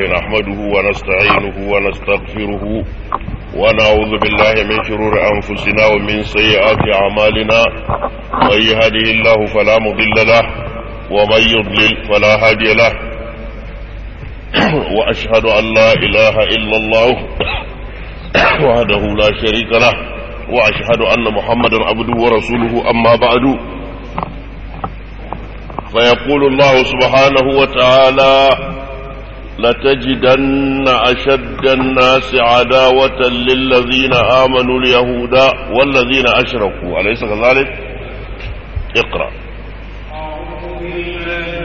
نحمده ونستعينه ونستغفره ونعوذ بالله من شرور أنفسنا ومن سيئات أعمالنا من يهده الله فلا مضل له ومن يضلل فلا هادي له وأشهد أن لا إله إلا الله وحده لا شريك له وأشهد أن محمدا عبده ورسوله أما بعد فيقول الله سبحانه وتعالى لتجدن أشد الناس عداوة للذين آمنوا اليهود والذين أشركوا أليس كذلك؟ اقرأ أعوذ بالله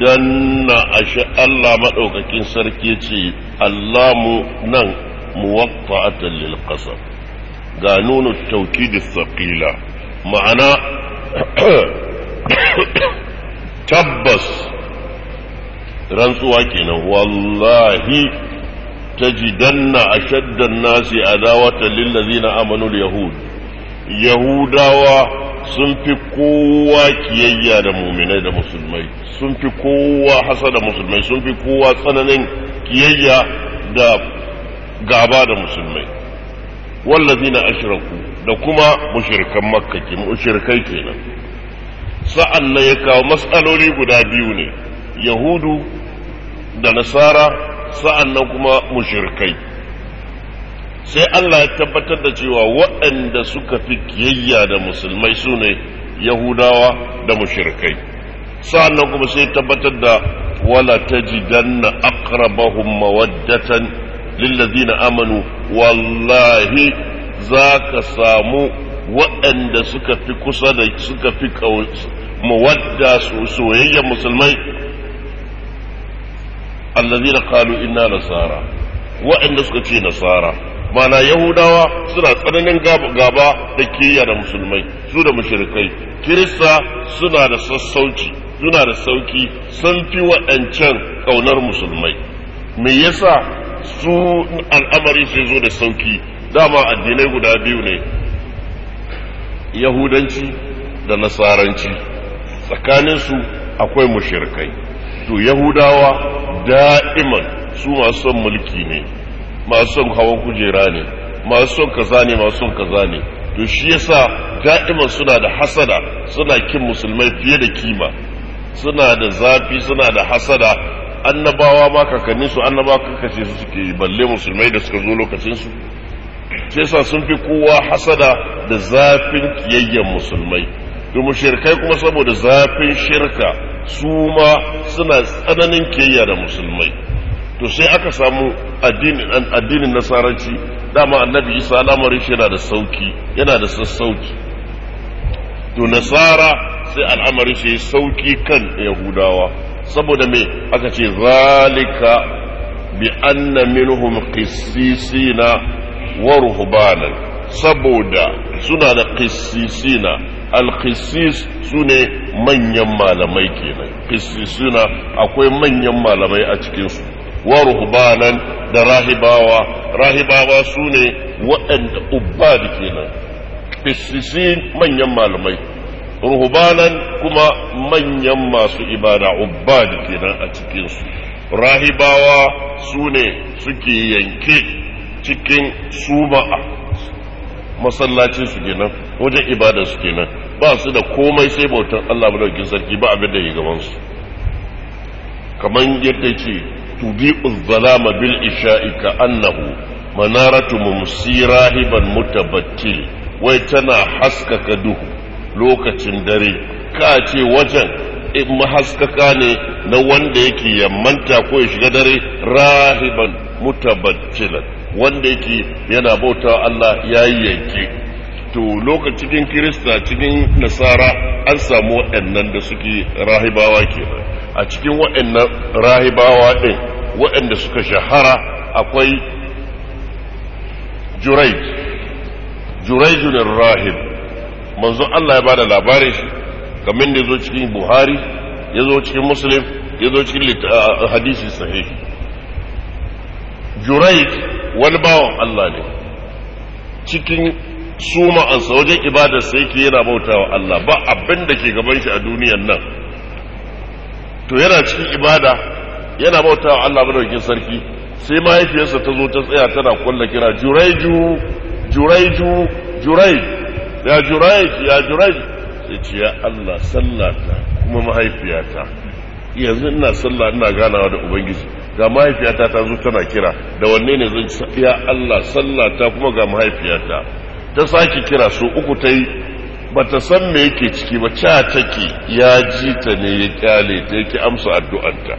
danna ashe Allah maɗaukakin sarki ce mu nan muwatta lil qasam ga nuna tauki da ma'ana tabbas rantsuwa kenan wallahi tajidanna ashaddan nasi adawata lil amanu yahud yahudawa sun fi kowa kiyayya da muminai da musulmai sun fi kowa hasa da musulmai sun fi kowa tsananin kiyayya da gaba da musulmai wallazina ashraku da kuma mushrikan makka ke kenan sa'an na ya kawo matsaloli guda biyu ne yahudu da nasara sa'an nan kuma mushrikai sai Allah ya tabbatar da cewa waɗanda suka fi kiyayya da musulmai su ne yahudawa da mushirikai, sa sa'annan kuma sai tabbatar da wala tajidanna aqrabahum mawaddatan lillazina amanu wallahi za ka samu waɗanda suka fi kusa da suka fi mawadda soyayyar musulmai allazina qalu inna nasara waɗanda suka ce nasara mana yahudawa suna tsananin gaba da keya da musulmai su da mushrikai kirista suna da sassauci suna da sauki sun fi waɗancan ƙaunar musulmai me yasa su al'amari sai zo da sauki dama addinai guda biyu ne yahudanci da nasaranci tsakaninsu akwai mushrikai to yahudawa da'iman su masu son mulki ne masu son hawan kujera ne masu son kaza ne masu son kaza ne to shi yasa da'iman suna da hasada suna kin musulmai fiye da kima suna da zafi suna da hasada annabawa ma kakanni su annabawa kakace su suke balle musulmai da suka zo lokacin su sai sa sun fi kowa hasada da zafin kiyayyen musulmai to mushrikai kuma saboda zafin shirka su ma suna tsananin kiyayya da musulmai to sai aka samu addinin nasaranci dama annabi isa lamarin shi yana da sauki yana da sassauki to nasara sai al'amarin shi sauki kan yahudawa saboda me aka ce zalika bi anna minhum qissisina wa ruhbanan saboda suna da qissisina al-qissis sune manyan malamai kenan qissisina akwai manyan malamai a cikinsu wa ruhbanan da rahibawa rahibawa su ne waɗanda da kenan fisisin manyan malamai ruhbanan kuma manyan masu ibada ubbadi kenan a cikinsu rahibawa su ne suke yanke cikin suma'a masallacin su kenan wajen ibada su kenan ba su da komai sai bautan Allah madaukakin sarki ba abin da ya gaban su kamar yadda ce tudi'u zalama bil isha'i ka annahu manaratu mumsi rahiban wai tana haskaka duhu lokacin dare ka ce wajen in haskaka ne na wanda yake manta ko ya shiga dare rahiban mutabattilan wanda yake yana bautawa Allah ya yanke to lokacin cikin kirista cikin nasara an samu waɗannan da suke rahibawa ke a cikin waɗannan rahibawa ɗin waɗanda suka shahara akwai juraij juraijun rahib manzo Allah ya bada labarin shi kamar da ya zo cikin buhari ya zo cikin muslim ya zo cikin hadisi sahihi juraij wani bawan Allah ne cikin su ma'ansa wajen ibadar sai ke yana bautawa Allah ba abin da ke gaban shi a duniyan nan to yana cikin ibada yana bautawa Allah madaukakin sarki sai mahaifiyarsa ta zo ta tsaya tana kulla kira juraiju juraiju jurai ya jurai ya jurai sai ce ya Allah sallata kuma mahaifiyata yanzu ina sallah ina ganawa da ubangiji ga mahaifiyata ta zo tana kira da wanne ne zan ya Allah sallata kuma ga mahaifiyata ta sake kira su uku ta yi ba ta san me yake ciki ba ca take ya ji ta ne ya kyale ta yake amsa addu'anta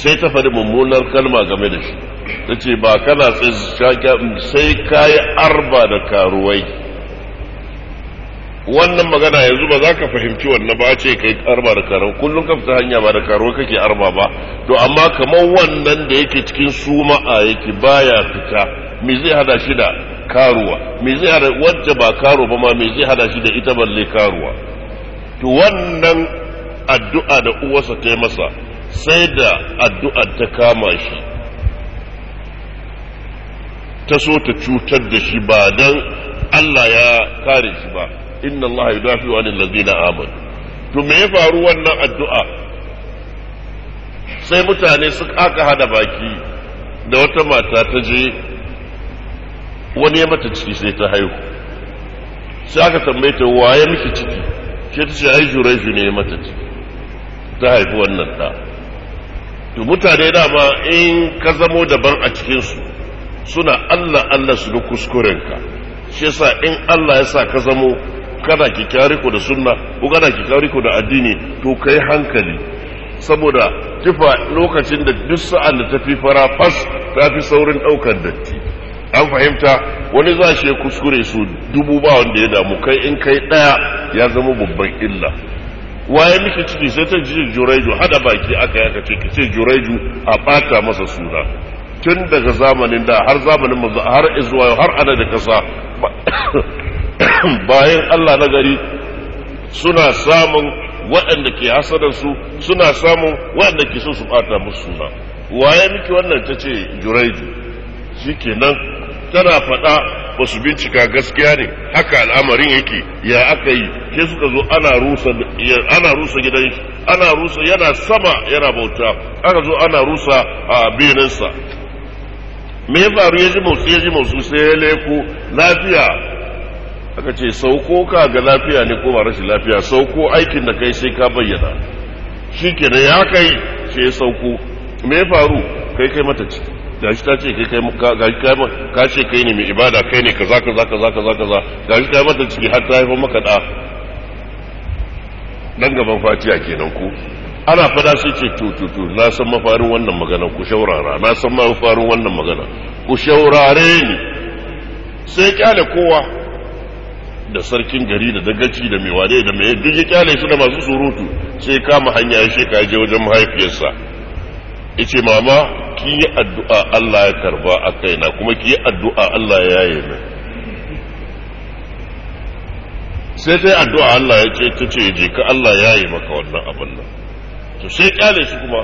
sai ta faɗi mummunar kalma game da shi ta ce ba kana sai ka yi arba da karuwai wannan magana yanzu ba za ka fahimci wannan ba ce kai arba da karuwa kullum ka fita hanya ba da karuwa kake arba ba to amma kamar wannan da yake cikin suma a yake baya fita me zai hada shida. karuwa me zai hada wacce ba karo ba ma me zai hada shi da ita balle karuwa to wannan addu'a da uwarsa ta yi masa sai da addu'a ta kama shi ta so ta cutar da shi ba dan Allah ya kare shi ba inna Allah yudafi wa ladina amanu to me ya faru wannan addu'a sai mutane suka aka hada baki da wata mata ta je wani ya mata ciki sai ta haihu sai aka tambaye ta waye miki ciki sai ta ce ai jure ne ya mata ciki ta haifi wannan da to mutane dama in ka zamo daban a cikinsu suna allah allah su ga kuskurenka shi yasa in allah ya sa ka zamo kana kikya riko da sunna ko kana kikya da addini to kai hankali saboda tufa lokacin da duk sa'an da ta fi fara fas ta fi saurin ɗaukar datti an fahimta wani za shi kuskure su dubu ba wanda ya damu kai in kai ɗaya ya zama babban illa waye miki ciki sai ta jiji juraiju hada baki aka yaka ce ki ce juraiju a baka masa suna tun daga zamanin da har zamanin mazu har izuwa har ana da kasa bayan Allah na gari suna samun waɗanda ke hasadar su suna samun waɗanda ke so su ɓata musu suna waye miki wannan ta ce juraiju shi kenan tana faɗa ba su bincika gaskiya ne haka al'amarin yake ya aka yi sai suka zo ana rusa ana rusa gidan shi ana rusa yana sama yana bauta aka zo ana rusa a bininsa me ya faru ya ji motsi ya ji motsi sai ya leko lafiya aka ce sauko ka ga lafiya ne ko ba rashin lafiya sauko aikin da kai sai ka bayyana shi kenan ya kai sai ya sauko me ya faru kai kai mata ciki gashi ta ce kai gashi kai ka ce kai ne mai ibada kai ne kaza kaza kaza kaza kaza gashi ta mata ciki har ta haifar maka da dan gaban fatiya kenan ku ana fada sai ce to to to na san mafarin wannan magana ku shaurara na san mafarin wannan magana ku shaurare ni sai kyale kowa da sarkin gari da dagaci da mai wane da mai duk ya kyale su da masu surutu sai kama hanya ya sheka je wajen mahaifiyarsa ce mama ki yi addu'a Allah ya karba a kaina kuma ki yi addu'a Allah ya yi min sai ta yi addu'a Allah ya ce ta ce je ka Allah ya yi maka wannan abin nan to sai kyale shi kuma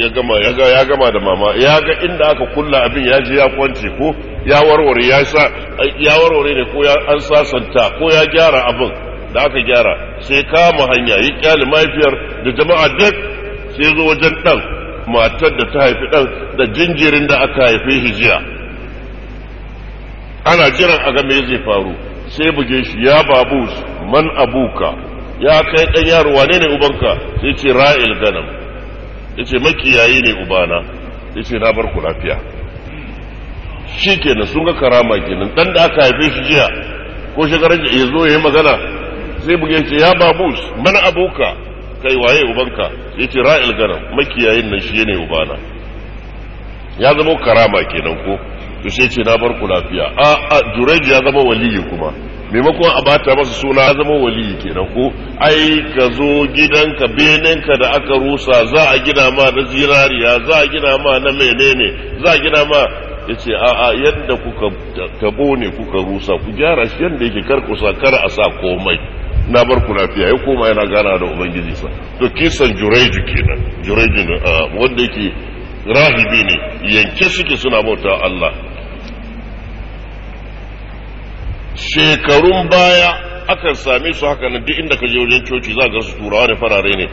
ya gama ya ga ya gama da mama ya ga inda aka kulla abin ya je ya kwance ko ya warware ya sa ya warware ne ko ya an sasanta ko ya gyara abin da aka gyara sai kama hanya yi kyale mafiyar da jama'a duk sai zo wajen dan matar da ta haifi ɗan da jinjirin da aka haife shi jiya ana jiran a ga zai faru sai buge shi ya babu man abuka ya kai ɗan yaro wane ne ubanka sai ce ra'il ganam ya ce makiyayi ne ubana ya ce na bar ku lafiya shi kenan sun ga karama kenan ɗan da aka haife shi jiya ko shekarar ya zo ya yi magana sai buge shi ya babu man abuka kai waye ubanka ya ce ra'il ganam makiyayin nan shi ne ubana ya zama karama kenan ko to sai ce na bar ku lafiya a a jureji ya zama waliyi kuma maimakon a bata masa suna ya zama waliyi kenan ko ai ka zo gidanka ka da aka rusa za a gina ma na zinariya za a gina ma na menene za a gina ma ya ce a a yadda kuka tabo ne kuka rusa ku gyara shi yadda yake karkusa kar a sa komai na bar ku lafiya ya koma yana gana da ubangiji sa to kisan jureji kenan jureji ah, wanda yake rahibi ne yanke suke suna bauta Allah shekarun baya akan same su haka nan duk inda ka je wajen coci za ga su turawa ne farare ne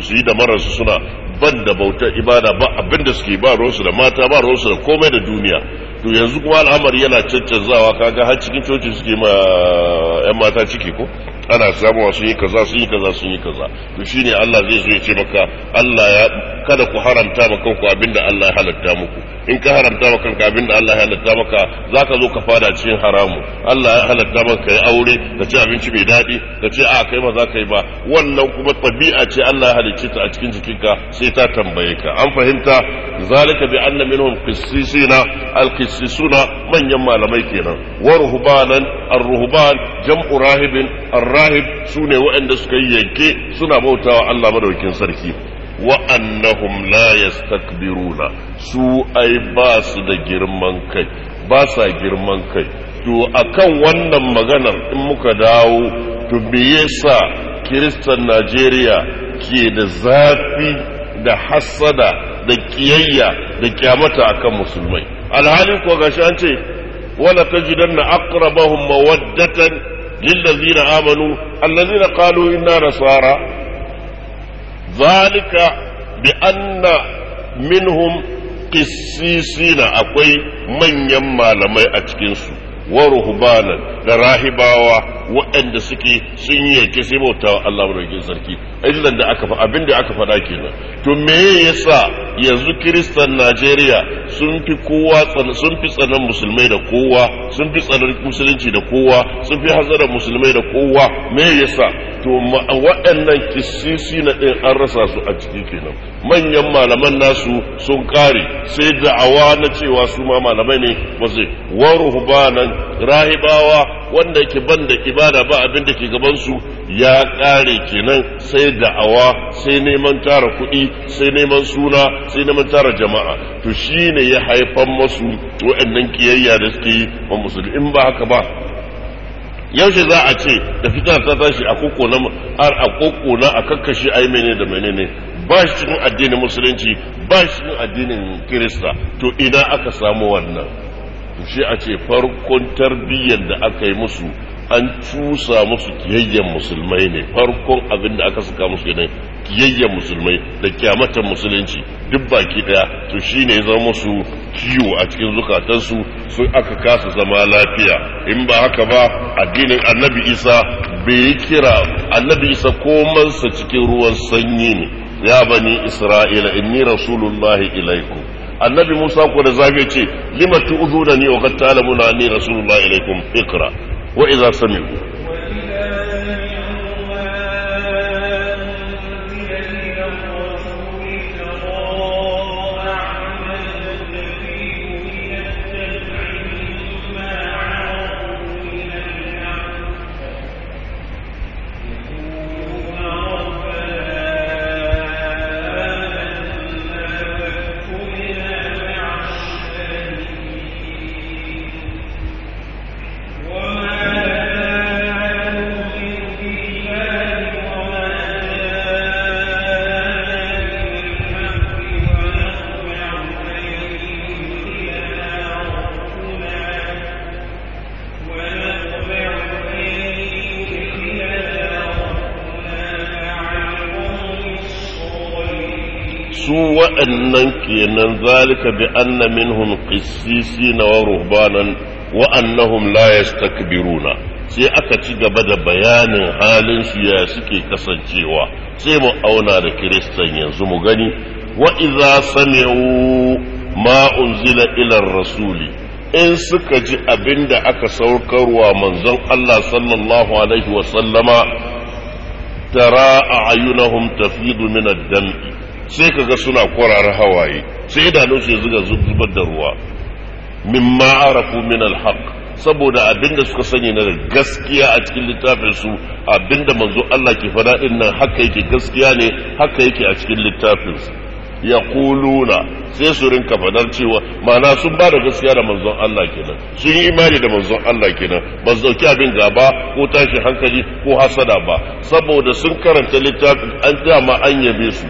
su yi da mararsu suna ban da bauta ibada ba abin da suke ba ruwansu da mata ba ruwansu da komai da duniya to yanzu kuma al'amari yana caccanzawa kaga har cikin coci suke ma ah, 'yan mata ciki ko ana samuwa sun yi kaza sun yi kaza sun yi kaza to shine Allah zai zo ya ce maka Allah ya kada ku haramta ma kanku abinda Allah ya halatta muku in ka haramta ma kanka abinda Allah ya halatta maka zaka zo ka fada cikin haramu Allah ya halatta maka kai aure ka ci abinci mai daɗi ka ce a kai ba za ka yi ba wannan kuma tabi'a ce Allah ya halicce ta a cikin jikinka sai ta tambaye ka an fahimta zalika bi anna minhum qissisina al manyan malamai kenan wa ruhbanan ar-ruhban jam'u rahibin ar sune waɗanda suka yi yanke suna bautawa Allah madaukin sarki wa'annahum la yastakbiruna su ai ba su da girman kai ba sa girman kai to akan wannan maganar in muka dawo to me yasa kiristan Najeriya ke da zafi da hassada da kiyayya da kyamata akan musulmai alhali ko gashi an ce wala tajidanna aqrabahum mawaddatan lillazina amanu allazina qalu inna nasara zalika bi anna minhum qissisina akwai manyan malamai a cikinsu wa ruhbanan da rahibawa waɗanda suke sun yi yake sai bauta wa Allah madaukakin sarki illan da aka faɗa abin da aka faɗa kenan to me yasa yanzu kristan Najeriya sun fi kowa sun fi tsanan musulmai da kowa sun fi tsanan musulunci da kowa sun fi hazara musulmai da kowa me yasa to waɗannan kisisi na ɗin an rasa su a ciki kenan manyan malaman nasu sun kare sai da'awa na cewa su ma malamai ne wasu wa ruhbanan rahibawa wanda ke ban da ibada ba abin da ke gaban su ya kare kenan sai da'awa sai neman tara kuɗi sai neman suna sai neman tara jama'a to shine ya haifan masu waɗannan kiyayya da suke yi ba musulmi in ba haka ba yaushe za a ce da fitar ta tashi a kokona a kokona a kakkashe ai menene da menene ba shi cikin addinin musulunci ba shi cikin addinin kirista to ina aka samu wannan shi a ce farkon tarbiyyar da aka yi musu an cusa musu kiyayyen musulmai ne farkon abin da aka suka musu ne kiyayyen musulmai da kyamatan musulunci duk baki daya to shine ya zama musu kiwo a cikin zukatansu su aka kasa zama lafiya in ba haka ba addinin annabi isa bai kira annabi isa komansa cikin ruwan sanyi ne ya bani isra'ila inni rasulullahi ilaikum annabi musa ko da zafi ce lima tu'zuna ni wa qad ta'lamuna anni rasulullahi ilaikum ikra wa idza sami'u kenan zalika bi anna minhum qissisina wa ruhbanan wa annahum la yastakbiruna sai aka ci gaba da bayanin halin su ya suke kasancewa sai mu auna da kiristan yanzu mu gani wa idza sami'u ma unzila ila rasuli in suka ji abinda aka saukarwa manzon Allah sallallahu alaihi wa sallama tara a'yunahum tafidu min ad-dam'i sai kaga suna kwararar hawaye sai idanunsu su zuga zubar da ruwa mimma arafu min alhaq saboda abinda suka sani na gaskiya a cikin littafin su abinda manzo Allah ke fada din nan haka yake gaskiya ne haka yake a cikin littafin su yaquluna sai su rinka fadar cewa ma'ana sun ba da gaskiya da manzon Allah kenan sun yi imani da manzon Allah kenan ba su dauki abin gaba ko tashi hankali ko hasada ba saboda sun karanta littafin an dama an yabe su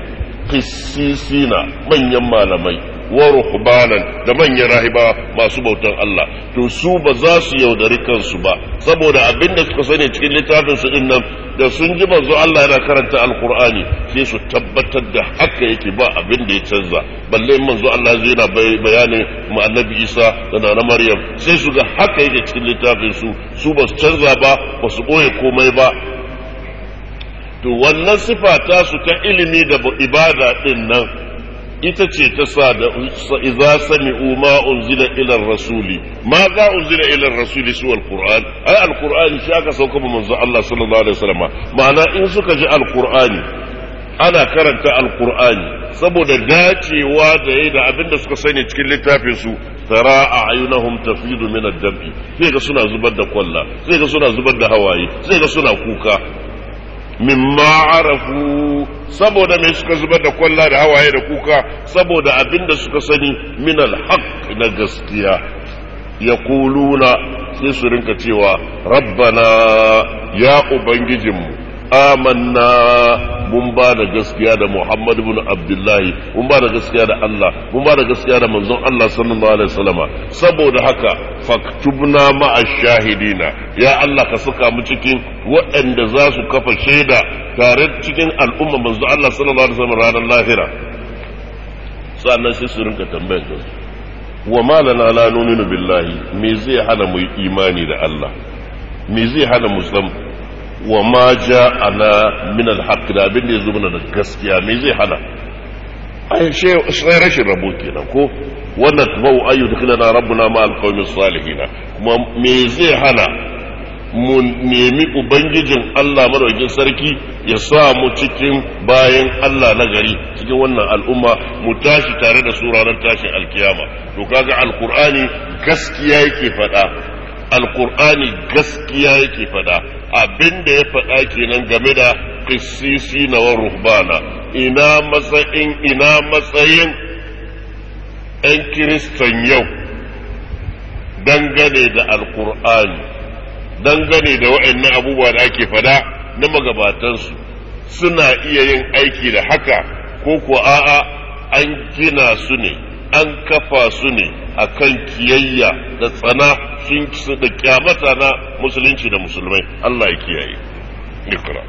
qissisina manyan malamai wa ruhbanan da manyan rahiba masu bautan Allah to su ba za su yaudari kansu ba saboda abin da suka sani cikin littafin su din nan da sun ji manzo Allah yana karanta alqur'ani sai su tabbatar da haka yake ba abin da ya canza balle manzo Allah zai yana bayanin mu annabi Isa da nana Maryam sai su ga haka yake cikin littafin su su ba su canza ba ba su koye komai ba to wannan sifa ta su ta ilimi da ibada din nan ita ce ta sa da iza sami'u ma unzila ila rasuli ma za unzila ila rasuli su alquran ai alqur'ani shi aka sauka mu manzo Allah sallallahu alaihi wasallam ma'ana in suka ji alqur'ani ana karanta alqur'ani saboda dacewa da yayi da abinda suka sani cikin littafin su tara a ayunahum tafidu min ad-dam'i sai ga suna zubar da kwalla sai ga suna zubar da hawaye sai ga suna kuka mimma arafu saboda mai suka zubar da kwalla da hawaye da kuka saboda abin da suka sani min alhaq na gaskiya ya kuluna sai su rinka cewa rabbana ya ubangijinmu amanna mun ba da gaskiya da Muhammad ibn Abdullahi mun ba da gaskiya da Allah mun ba da gaskiya da manzon Allah sallallahu alaihi wasallama saboda haka faktubna ma'a shahidina ya Allah ka saka mu cikin waɗanda za su kafa shaida tare cikin al'umma manzo Allah sallallahu alaihi wasallam ranar lahira sannan sai su rinka tambayar kansu wa ma lana la nu'minu billahi me zai hana mu imani da Allah me zai hana mu wa ma ala min al-haqq da abin da yazo mana da gaskiya me zai hana ai she sai rashin rabo kenan ko wannan tabau ayu dukhilana rabbuna ma al-qawmi salihin kuma me zai hana mu nemi ubangijin Allah madaukin sarki ya sa mu cikin bayan Allah na gari cikin wannan al'umma mu tashi tare da su ranar tashin alkiyama to kaga alqur'ani gaskiya yake faɗa alkur'ani gaskiya yake faɗa abinda ya faɗa kenan game da qissisi na wa ruhbana ina matsayin ina matsayin ɗan kiristan yau dangane da alkur'ani dangane da waɗannan abubuwa da ake faɗa na su, suna iya yin aiki da haka ko ko a'a an gina su ne an kafa su ne a kan kiyayya da tsana sun kisa da kyamata na musulunci da musulmai Allah ya kiyaye ikra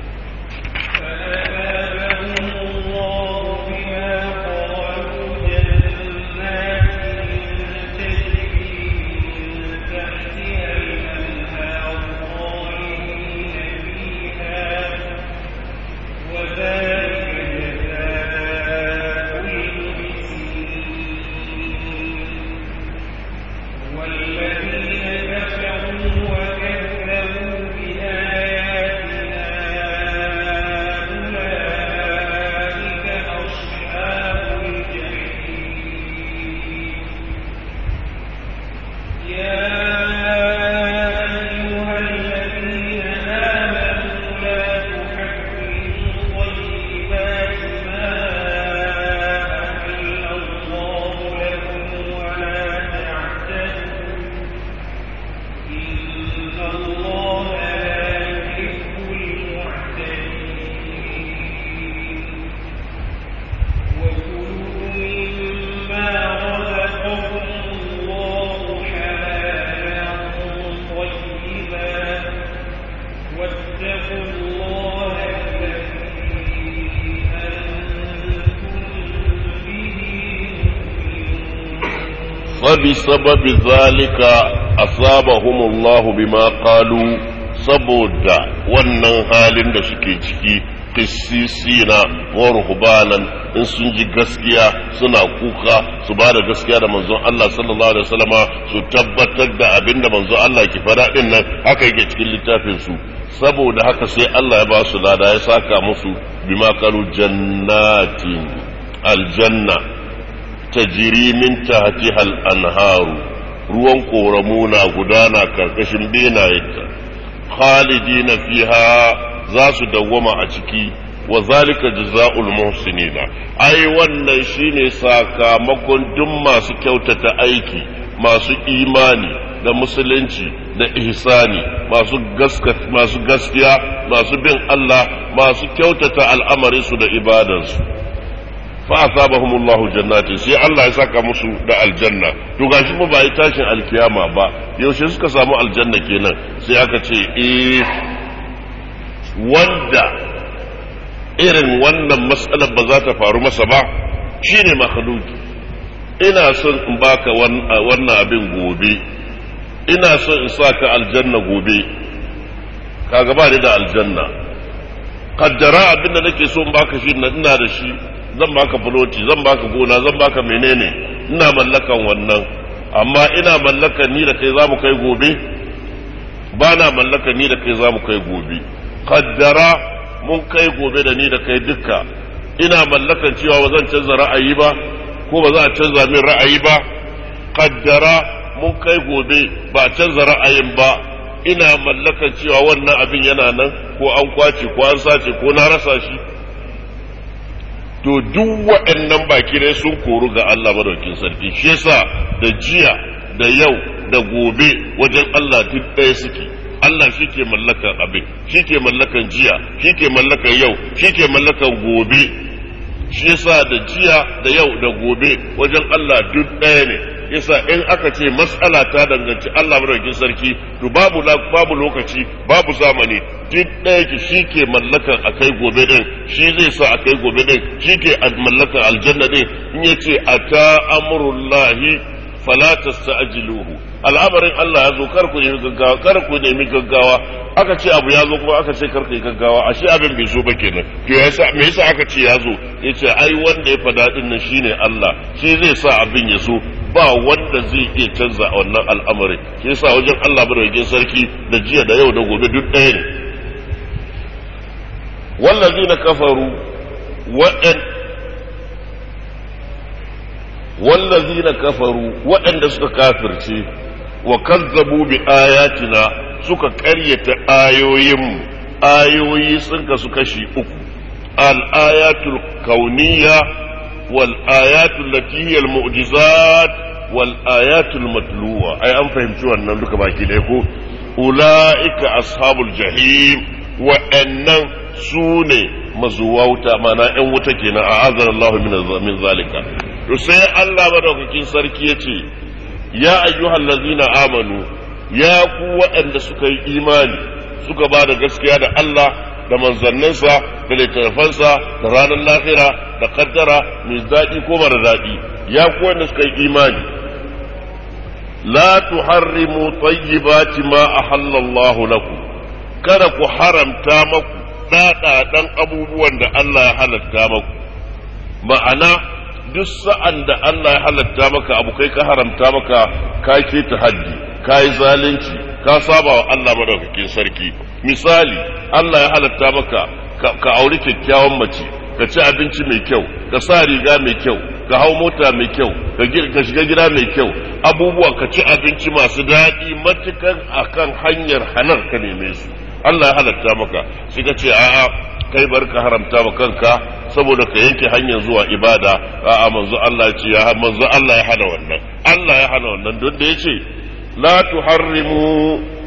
sababi-sababi ذلك أصابهم الله بما قالوا saboda wannan halin da suke ciki qissisina wa ruhbanan in sun ji gaskiya suna kuka su ba da gaskiya da manzon Allah sallallahu alaihi wasallama su tabbatar da abinda manzon Allah ke faɗa din nan haka yake cikin littafin su saboda haka sai Allah ya ba su lada ya saka musu bima qalu jannatin aljanna tajiri min tahtihal anharu ruwan koramu na gudana karkashin benayenta khalidina fiha za su dawwama a ciki wa zalika jazaa'ul ba. ai wannan shine sakamakon duk masu kyautata aiki masu imani da musulunci da ihsani masu masu gaskiya masu bin Allah masu kyautata su da ibadansu fa asabahum Allahu jannatin sai Allah ya saka musu da aljanna to gashi mu ba yi tashin alkiyama ba yaushe suka samu aljanna kenan sai aka ce eh wanda irin wannan matsalar ba za ta faru masa ba shine makhluki ina son in baka wannan abin gobe ina son in sa ka aljanna gobe kaga ba da aljanna kaddara abin da nake so in baka shi ina da shi zan baka buloti zan baka gona zan baka menene ina mallakan wannan amma ina mallakan ni da kai za mu kai gobe ba na mallakan ni da kai za mu kai gobe kaddara mun kai gobe da ni da kai dukka ina mallakan cewa ba zan canza ra'ayi ba ko ba za a canza min ra'ayi ba kaddara mun kai gobe ba canza ra'ayin ba ina mallakan cewa wannan abin yana nan ko an kwace ko an sace ko na rasa shi to duk waɗannan baki dai sun koru ga Allah madaukin sarki shi yasa da jiya da yau da gobe wajen Allah duk ɗaya suke Allah shi ke mallakan abin shi ke mallakan jiya shi ke mallakan yau shi ke mallakan gobe shi yasa da jiya da yau da gobe wajen Allah duk ɗaya ne yasa in aka ce matsala ta danganci Allah madaukakin sarki to babu babu lokaci babu zamani duk ɗaya ki shi ke mallakan akai gobe din shi zai sa akai gobe din shi ke mallakan aljanna din in yace ata amurullahi. fala tasta'jiluhu al'amarin Allah ya zo kar ku nemi gaggawa kar ku nemi gaggawa aka ce abu ya zo kuma aka ce kar ku yi gaggawa ashe abin bai zo ba kenan to yasa me yasa aka ce ya zo yace ai wanda ya fada din nan shine Allah shi zai sa abin ya zo ba wanda zai iya canza wannan al'amari shi yasa wajen Allah wajen sarki da jiya da yau da gobe duk ɗaya ne wallazina kafaru wa'an wallazina kafaru waɗanda suka kafirce wa kazzabu bi ayatina suka karyata ayoyin ayoyi sun kasu kashi uku al-ayatul kauniyya wal ayatul lati mu'jizat wal ayatul matluwa ai an fahimci wannan duka baki ɗaya ko ula'ika ashabul jahim wa'annan sune ne mazuwa wuta mana 'yan wuta kenan a azan Allah min zalika to sai Allah madaukakin sarki ya ce ya ayyuhal lazina amanu ya ku waɗanda suka yi imani suka ba da gaskiya da Allah da manzanninsa da littattafansa da ranar lahira da kaddara mai daɗi ko mara daɗi ya ku waɗanda suka yi imani la tuharrimu tayyibati ma ahallallahu lakum kada ku haramta maku ɗaɗaɗan abubuwan da Allah ya halatta maku ma'ana duk sa'an da Allah ya halatta maka abu kai ka haramta maka ka keta haddi ka yi zalunci ka saba wa Allah madaukakin sarki misali Allah ya halatta maka ka auri kyakkyawan mace ka ci abinci mai kyau ka sa riga mai kyau ka hau mota mai kyau ka shiga gida mai kyau abubuwa ka ci abinci masu daɗi matukan kan hanyar halar ka neme su Allah ya halatta maka sai ka ce a'a kai bar ka haramta ma kanka saboda ka yanke hanyar zuwa ibada a'a manzo Allah ce ya manzo Allah ya hana wannan Allah ya hana wannan don da yace la tuharrimu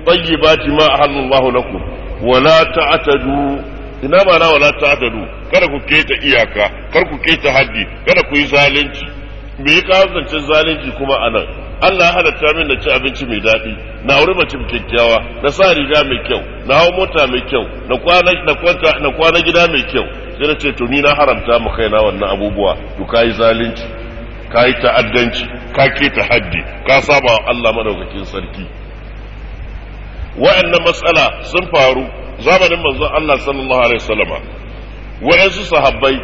tayyibati ma ahallallahu lakum wa la ta'tadu ina ba na wala ta'tadu kada ku keta iyaka kar ku keta haddi kada ku yi zalunci me ya kawo zalunci kuma anan Allah ya halatta min na ci abinci mai daɗi na auri mace kyakkyawa na sa riga mai kyau na hau mota mai kyau na kwana na kwanta na kwana gida mai kyau sai na ce to ni na haramta mu kaina wannan abubuwa to kai zalunci kai ta'addanci ka ke ta haddi ka saba wa Allah madaukakin sarki wa'annan matsala sun faru zamanin manzon Allah sallallahu alaihi wasallama wa'ansu sahabbai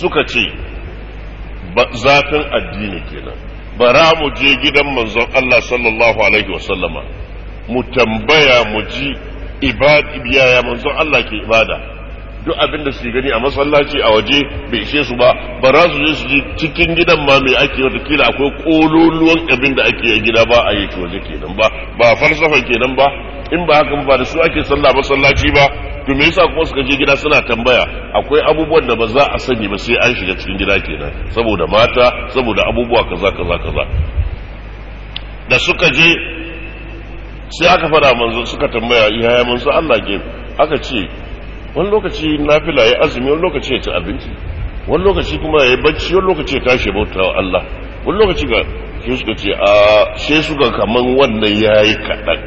suka ce zafin addini kenan bara mu je gidan manzon Allah sallallahu alaihi wasallama mu tambaya mu ji ibad yaya manzon Allah ke ibada duk abin da su gani a masallaci a waje bai ishe su ba ba za su je su ji cikin gidan ma mai ake kila akwai kololuwan abin da ake gida ba a yi ta waje kenan ba ba falsafa kenan ba in ba haka ba da su ake sallah masallaci ba to me yasa kuma suka je gida suna tambaya akwai abubuwan da ba za a sani ba sai an shiga cikin gida kenan saboda mata saboda abubuwa kaza kaza kaza da suka je sai aka fara manzo suka tambaya yaya manzo Allah ke aka ce wani lokaci nafila ya azumi wani lokaci ya ci abinci wani lokaci kuma ya yi bacci wani lokaci ya tashi bauta wa Allah wani lokaci ga shi suka ce a sai suka kaman wannan ya yi kaɗan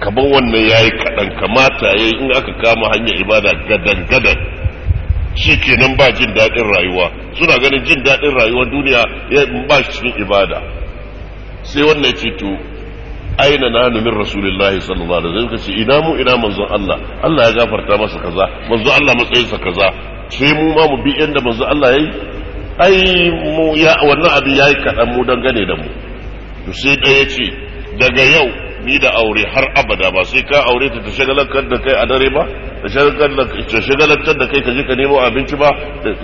kaman wannan ya yi kaɗan kamata ya yi in aka kama hanyar ibada gadan gadan shi kenan ba jin daɗin rayuwa suna ganin jin daɗin rayuwar duniya ya ba shi cikin ibada sai wannan ce to aina na min rasulullahi sallallahu alaihi wasallam kace ina mu ina manzon Allah Allah ya gafarta masa kaza manzon Allah matsayin sa kaza sai mu ma mu bi inda manzon Allah yayi ai mu ya wannan abin yayi kadan mu dangane da mu to sai da yace daga yau ni da aure har abada ba sai ka aure ta ta shagalantar da kai a dare ba ta shagalantar da kai ka je ka nemo abinci ba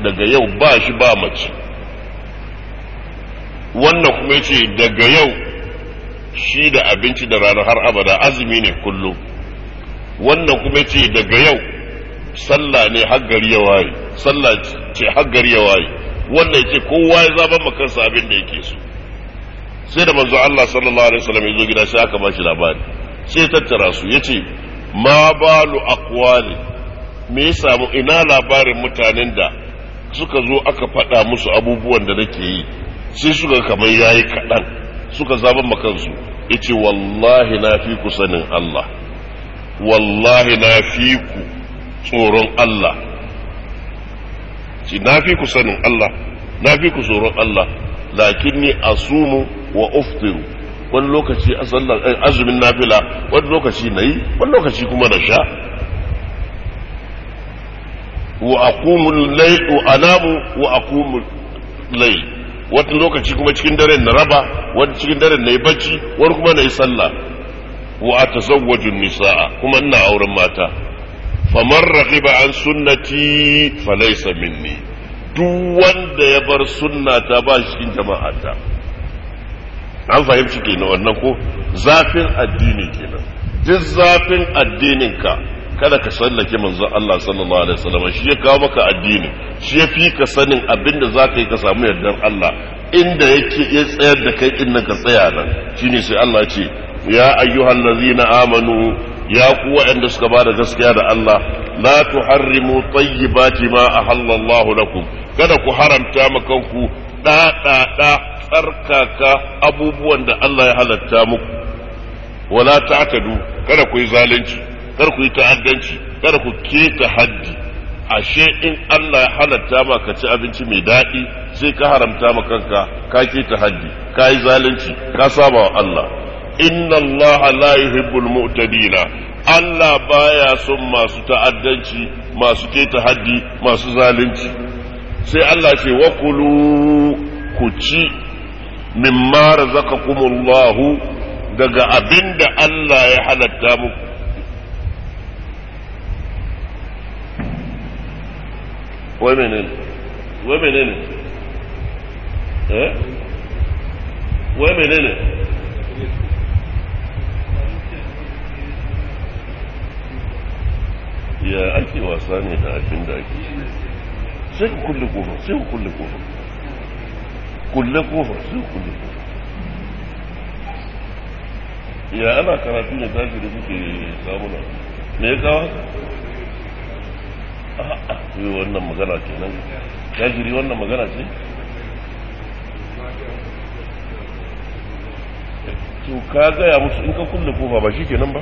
daga yau ba shi ba mace wannan kuma yace daga yau shi da abinci da rana har abada azumi ne kullum wannan kuma ce daga yau sallah ne haggari ya waye sallah ce haggari ya waye wannan ce kowa ya zaban ma kansa abin da yake so sai da manzo Allah sallallahu alaihi wasallam ya zo gida sai aka bashi labari sai ya tattara su yace ma balu aqwali me ya samu ina labarin mutanen da suka zo aka faɗa musu abubuwan da nake yi sai suka kamar yayi kaɗan suka zaban makansu yace wallahi na fi ku sanin Allah wallahi na fi ku tsoron Allah ci na fi ku sanin Allah na fi ku tsoron Allah lakinni asumu wa uftiru wani lokaci eh, azumin nafila wani lokaci na yi wani lokaci kuma na sha wa aqumu al-layl wa anamu wa aqumu al-layl wata lokaci kuma cikin dare na raba wani cikin daren na yi bacci wani kuma na yi sallah wa a wajen nisa'a kuma ina auren mata famar ba an sunnati falaysa minni duk wanda ya bar sunnata ba shi cikin jama'ata an fahimci kenan wannan ko zafin addini kenan duk zafin addininka kada ka sallake manzon Allah sallallahu alaihi wasallam shi ya kawo maka addini shi ya fi ka sanin abin da zaka yi ka samu yardar Allah inda yake ya tsayar da kai inda ka tsaya nan shine sai Allah ya ce ya ayyuhal ladzina amanu ya ku waɗanda suka bada gaskiya da Allah la tuharrimu tayyibati ma ahallallahu lakum kada ku haramta makanku ɗaɗaɗa tsarkaka abubuwan da Allah ya halatta muku wala ta'tadu kada ku yi zalunci kar ku yi ta'addanci kar ku ke ta haddi ashe in Allah ya halatta ma ka ci abinci mai daɗi sai ka haramta ma kanka ka ke ta haddi ka yi zalunci ka saba wa Allah inna Allah la yuhibbul mu'tadina Allah baya son masu ta'addanci masu ke ta haddi masu zalunci sai Allah ce wa kulu ku ci mimma razaqakumullahu daga abinda Allah ya halatta muku wai menene wai menene eh wai menene ya ake wasa ne da abin da ake sai ku kulle kofa sai ku kulle kofa kulle kofa sai ku kulle kofar ya ana karatu ne tashi da kuke samuna me ya kawo yi wannan magana ce nan jiri wannan magana ce to ka gaya musu in ka kulle kofa ba shi ke nan ba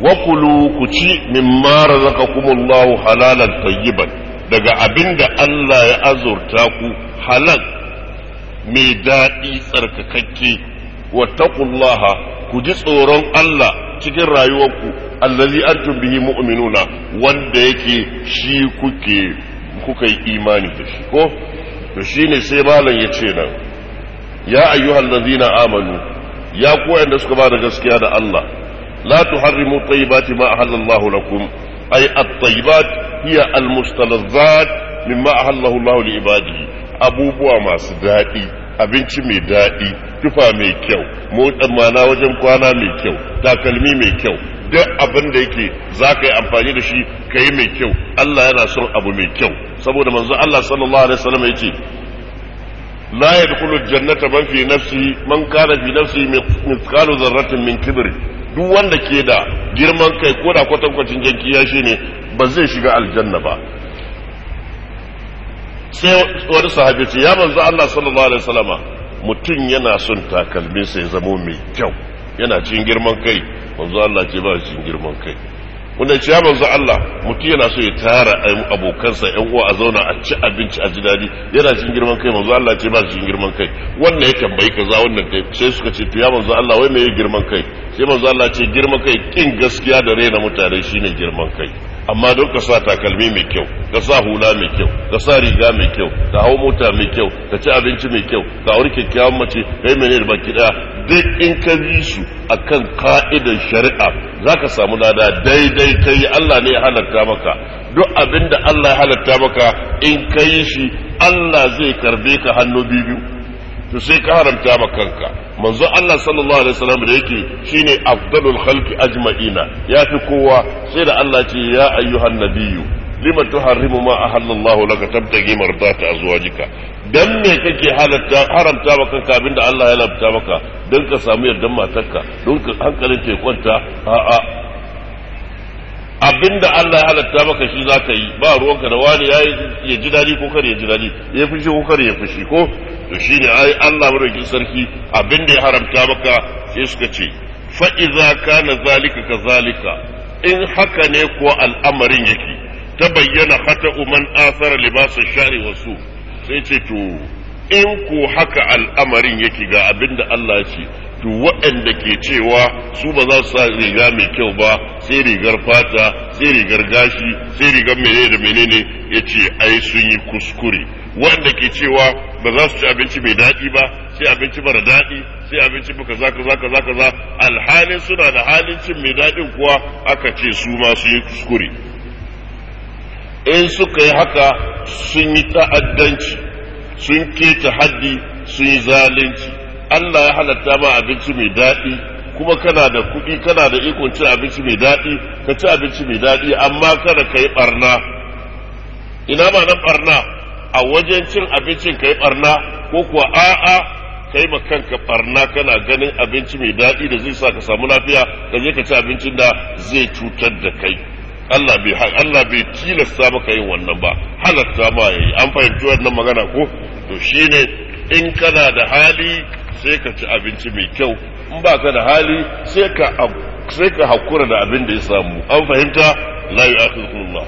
wakulu ku ci mimma razaqakumullahu halalan tayyiban daga abinda Allah ya azurta ku halal mai daɗi tsarkakakke wattaqullaha ku ji tsoron Allah cikin rayuwarku allazi antum bihi mu'minuna wanda yake shi kuke kuka yi imani da shi ko to shine sai malam ya ce nan ya ayyuhal ladzina amanu ya ku wanda suka ba da gaskiya da Allah la tuharrimu tayyibati ma ahallallahu lakum ay at-tayyibat hiya al-mustalazzat mimma ahallahu Allah li ibadihi abubuwa masu daɗi abinci mai daɗi tufa mai kyau motsan mana wajen kwana mai kyau takalmi mai kyau duk abin da yake za ka yi amfani da shi ka yi mai kyau Allah yana son abu mai kyau saboda manzo Allah sallallahu alaihi wasallam ya ce la yadkhulu jannata man fi nafsi man kana fi nafsi mithqalu dharratin min kibiri, duk wanda ke da girman kai ko da kwatankwacin jan kiyashi ne ba zai shiga aljanna ba sai wani sahabi ce ya manzo Allah sallallahu alaihi wasallama mutum yana son takalmin sai zamo mai kyau yana cin girman kai manzo Allah ce ba cin girman kai wanda ce ya manzo Allah mutum yana so ya tara abokansa ƴan uwa a zauna a ci abinci a ji dadi yana cin girman kai manzo Allah ce ba cin girman kai wannan ya tambayi kaza wannan kai sai suka ce to ya manzo Allah wai me girman kai sai manzo Allah ce girman kai kin gaskiya da raina mutane shine girman kai amma don ka sa takalmi mai kyau ka sa hula mai kyau ka sa riga mai kyau ka hau mota mai kyau ka ci abinci mai kyau ka auri kyakkyawan mace kai mene da baki daya duk in ka bi su akan ka'idar shari'a zaka samu lada daidai kai Allah ne ya halarta maka duk abinda Allah ya halarta maka in ka yi shi Allah zai karbe ka hannu biyu to sai ka haramta ma kanka manzo Allah sallallahu alaihi wasallam da yake shine afdalul khalqi ajma'ina yafi kowa sai da Allah ce ya ayyuhan nabiyyu lima tuharrimu ma ahallallahu laka tabtagi mardata azwajika dan me kake halatta haramta maka kanka abinda Allah ya labta maka dan ka samu yardan matarka don ka hankalin ta kwanta a'a abinda Allah ya halatta maka shi za ka yi ba ruwanka da wani ya ya ji dadi ko kare ya ji dadi ya fushi ko kare ya fushi ko to ne ai Allah madaukin sarki abinda ya haramta maka sai suka ce fa idza kana zalika kazalika in haka ne ko al'amarin yake ta bayyana hata man asara libasa shari wasu sai ce to in ko haka al'amarin yake ga abinda Allah ya ce to waɗanda ke cewa su ba za su sa riga mai kyau ba sai rigar fata sai rigar gashi sai rigar menene da menene ya ce ai sun yi kuskure waɗanda ke cewa ba za su ci abinci mai daɗi ba sai abinci mara daɗi sai abinci ba kaza kaza kaza kaza alhalin suna da halin cin mai daɗin kuwa aka ce su ma sun yi kuskure in suka yi haka sun yi ta'addanci sun keta haddi sun yi zalunci Allah ya halatta ma abinci mai daɗi kuma kana da kuɗi kana da ikon cin abinci mai daɗi ka ci abinci mai daɗi amma kada ka yi ɓarna ina ma na ɓarna a wajen cin abincin ka yi ɓarna ko kuwa a'a kai yi kanka barna kana ganin abinci mai daɗi da zai sa ka samu lafiya ka je ka ci abincin da zai cutar da kai Allah bai Allah bai tilasta maka yin wannan ba halatta ma yayi an fahimci wannan magana ko to shine in kana da hali sai ka ci abinci mai kyau in ba ka da hali sai ka sai ka hakura da abin da ya samu an fahimta la ya Allah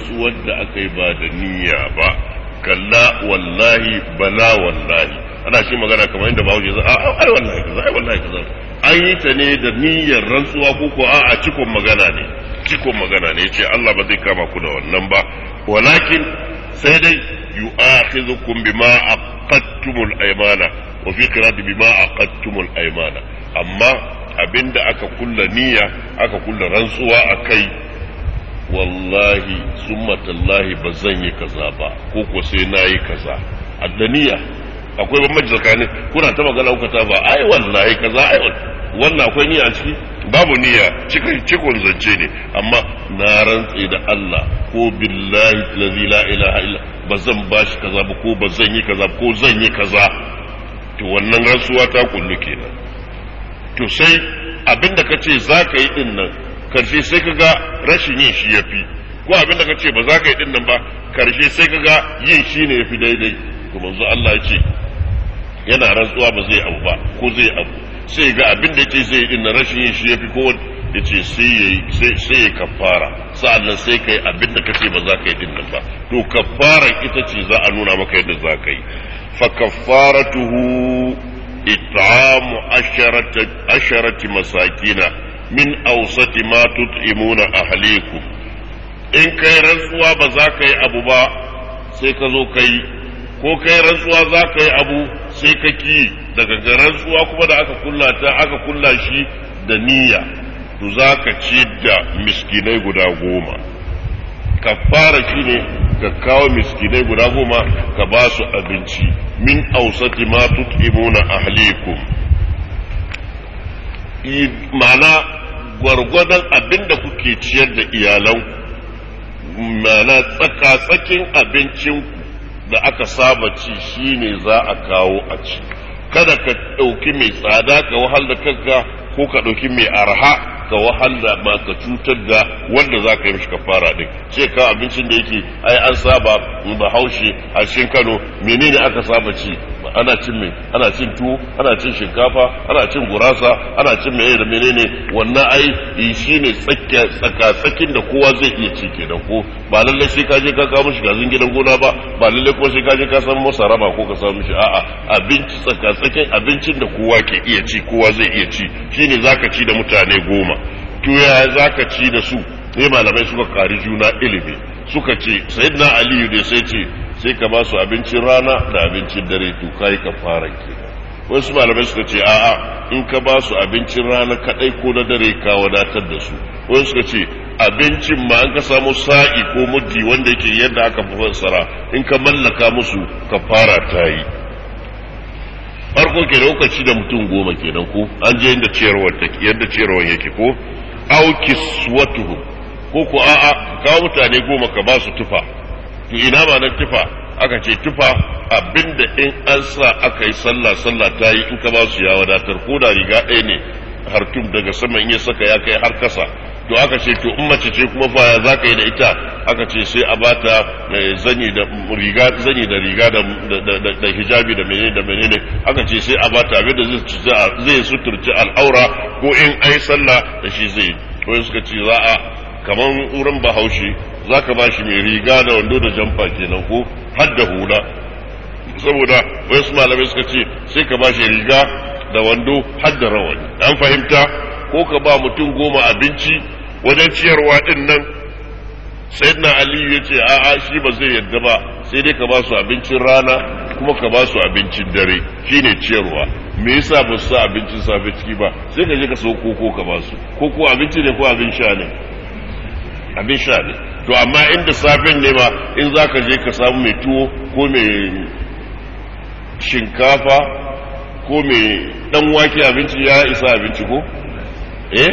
rantsuwar da aka yi ba da niyya ba kalla wallahi bala wallahi ana shi magana kamar yadda ba wuce a ai wallahi kaza ai wallahi kaza an yi ta ne da niyyar rantsuwa ko ko a a cikon magana ne cikon magana ne ce Allah ba zai kama ku da wannan ba walakin sai dai yu'akhidhukum bima aqattumul aymana wa fi qiradi bima aqattumul aymana amma abinda aka kulla niyya aka kulla rantsuwa akai wallahi summa tallahi ba zan yi kaza ba ko ko sai na yi kaza addaniya akwai ban tsakanin kuna ta magana kuka ta ba ai wallahi kaza ai wannan akwai niyya a ciki babu niyya cikin cikon zance ne amma na rantse da Allah ko billahi allazi la ilaha illa ba zan bashi kaza ba ko ba zan yi kaza ko zan yi kaza to wannan rantsuwa ta kullu kenan to sai abinda kace za ka yi din nan karshe sai kaga rashin yin shi ya fi ko abin da kace ba za ka yi din nan ba karshe sai kaga yin shi ne ya fi daidai to manzo Allah ya ce yana rantsuwa ba zai abu ba ko zai abu sai ga abin da yake zai din nan rashin yin shi ya fi ko ya ce sai ya kafara sa'annan sai kai abin da kace ba za ka yi din nan ba to kafara ita ce za a nuna maka yadda za ka yi fa kafaratuhu it'amu asharati masakina min ausati ma tut'imuna ahlikum in kai rantsuwa ba za ka yi abu ba sai ka zo ka yi ko kai rantsuwa za ka yi abu sai ka ki daga ga rantsuwa kuma da aka kulla ta aka kulla shi da niyya to za ka ci da miskinai guda goma ka fara shi ne ka kawo miskinai guda goma ka ba su abinci min ausati ma tut'imuna ahlikum ma'ana gwargwadon abin da kuke ciyar da iyalanku mana tsaka-tsakin abincinku da aka saba ci shine za a kawo a ci kada ka ɗauki mai tsada ka wahal da kanka ko ka ɗauki mai arha ka wahal da ba ka cutar da wanda za ka yi mishi kafara ɗin ce ka abincin da yake ai an saba bahaushe a cikin kano menene aka saba ci ana cin me ana cin tuwo ana cin shinkafa ana cin gurasa ana cin meye da menene wannan ai shi ne tsakatsakin da kowa zai iya ci da ko ba lalle sai ka je ka kawo mishi gazin gidan gona ba ba lalle ko sai ka je ka san masa raba ko ka samu shi. a'a abinci abincin da kowa ke iya ci kowa zai iya ci shine zaka ci da mutane goma Tuya ya zaka ci da su sai malamai suka kari juna ilimi suka ce sayyidina aliyu ne sai ce sai ka ba su abincin rana da abincin dare to kai ka fara ke wasu malamai suka ce a'a in ka ba su abincin rana kadai ko na dare ka wadatar da su wasu suka ce abincin ma an ka samu sa'i ko muddi wanda yake yadda aka fi fassara in ka mallaka musu ka fara ta yi farko ke lokaci da mutum goma kenan ko an je yadda ciyarwar yadda ciyarwar yake ko auki watuhu ko ko a'a kawo mutane goma ka ba su tufa to ina ba na tufa aka ce tufa abinda in an sa aka yi sallah sallah ta yi in ka ba su ya wadatar ko da riga ɗaya ne tun daga sama in ya saka ya kai har kasa to aka ce to in mace ce kuma fa za ka yi da ita aka ce sai a bata eh, zani da riga da riga da hijabi da menene da menene aka ce sai a bata abin da zai suturci al'aura ko in ai sallah da shi zai to suka ce za kamar wurin bahaushe za ka ba shi mai riga da wando da jamfa kenan ko har da hula saboda su malamai suka ce sai ka ba shi riga da wando har da rawani an fahimta ko ka ba mutum goma abinci wajen ciyarwa din nan na aliyu ya ce a'a shi ba zai yadda ba sai dai ka ba su abincin rana kuma ka ba su abincin dare shine ciyarwa me yasa ba su sa abincin safe ciki ba sai ka je ka sau koko ka ba su koko abinci ne ko abin sha ne abin sha ne to amma inda safin ne ma in za ka je ka samu mai tuwo ko mai shinkafa ko mai dan wake abinci ya isa abinci ko eh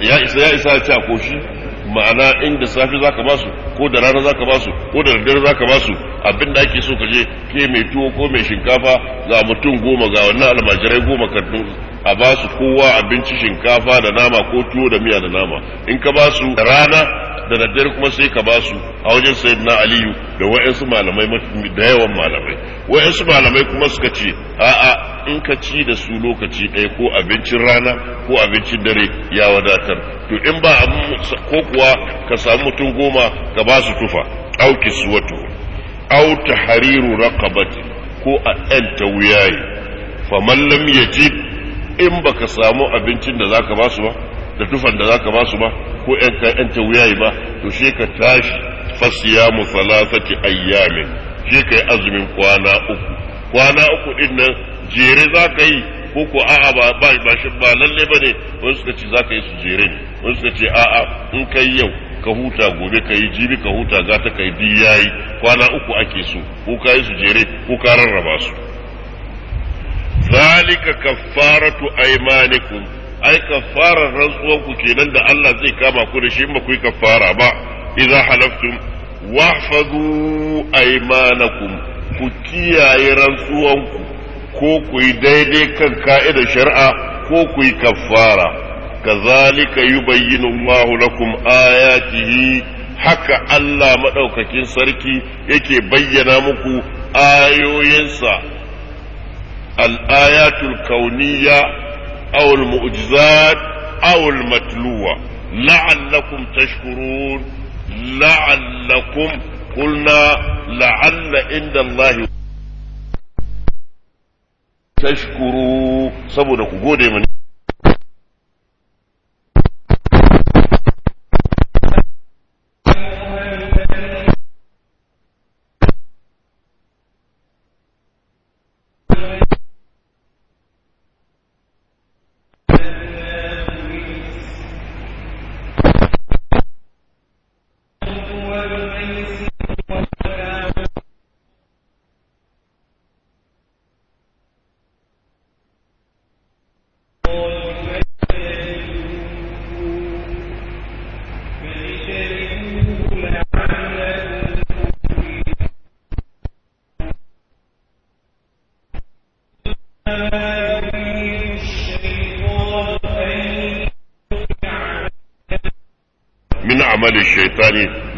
ya isa ya isa ta a koshi ma'ana inda safi za ka basu ko da rana za ka basu ko da daddare za ka basu abin da ake so ka je ke mai tuwo ko mai shinkafa ga mutum goma ga wannan almajirai goma kartun a ba su kowa abinci shinkafa da nama ko tuwo da miya da nama in ka ba su rana da daddare kuma sai ka ba su a wajen sayyidina aliyu da wa'yansu malamai da yawan malamai wa'yansu malamai kuma suka ce a'a in ka ci da su lokaci ɗaya ko abincin rana ko abincin dare ya wadatar to in ba ko kuwa ka samu mutum goma ka ba su tufa auki wato au tahriru raqabati ko a ɗanta wuyaye faman lam yajid in baka samu abincin da zaka ba su ba da tufan da zaka ba su ba ko yan kayan ta wuyayi ba to she ka tashi fasiyamu thalathati ayyamin she kai azumin kwana uku kwana uku din nan jere ka yi ko ko a'a ba ba ba shi ba lalle bane wani suka ce ka yi su jere ne wani suka ce a'a in kai yau ka huta gobe ka yi jibi ka huta gata ka yi biyayi kwana uku ake so ko ka yi su jere ko ka rarraba su zalika kaffaratu aymanikum ai kaffarar rantsuwan ku kenan da Allah zai kama ku da shi ba ku yi kaffara ba idza halaftum wahfazu aymanakum ku kiyaye rantsuwan ku ko ku yi daidai kan ka'idar shari'a ko ku yi kaffara kazalika yubayyinu Allahu lakum ayatihi haka Allah madaukakin sarki yake bayyana muku ayoyinsa الآيات الكونية أو المعجزات أو المتلوة لعلكم تشكرون لعلكم قلنا لعل عند الله تشكروا سبنا كبودي من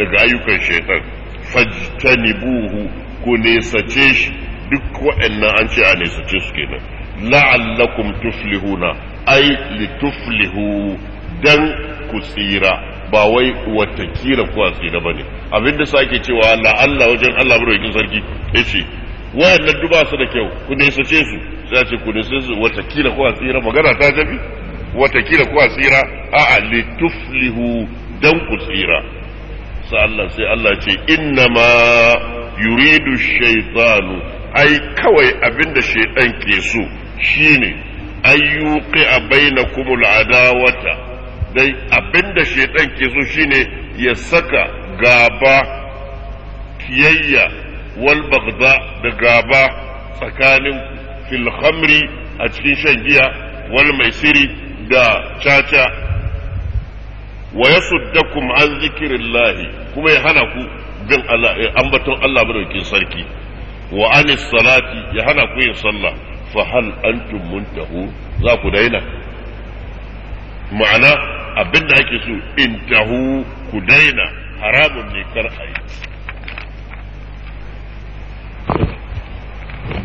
daga ayyukan shaitan fajtanibuhu ku nesace shi duk waɗannan an ce a nesace su kenan la'allakum tuflihuna ai tuflihu dan ku tsira ba wai watakila ku tsira bane abinda sake cewa la'alla wajen Allah barkin sarki yace wayannan duba su da kyau ku nesace su sai ce ku nesace su watakila ku tsira magana ta tafi watakila ku tsira a'a li tuflihu dan ku tsira sa Allah sai Allah ce innama yuridu shaytanu ai kawai abinda shaydan ke so shine ayyuqi bainakum al'adawata dai abinda shaydan ke so shine ya saka gaba kiyayya wal bagda da gaba tsakanin fil khamri a cikin shan giya wal maisiri da caca wa yasuddakum an zikirillahi kuma ya hana ku bin ambaton Allah madaukin sarki wa anis salati ya hana ku yin sallah fa hal antum muntahu za ku daina ma'ana abin da ake so in tahu ku daina haramun ne kar a yi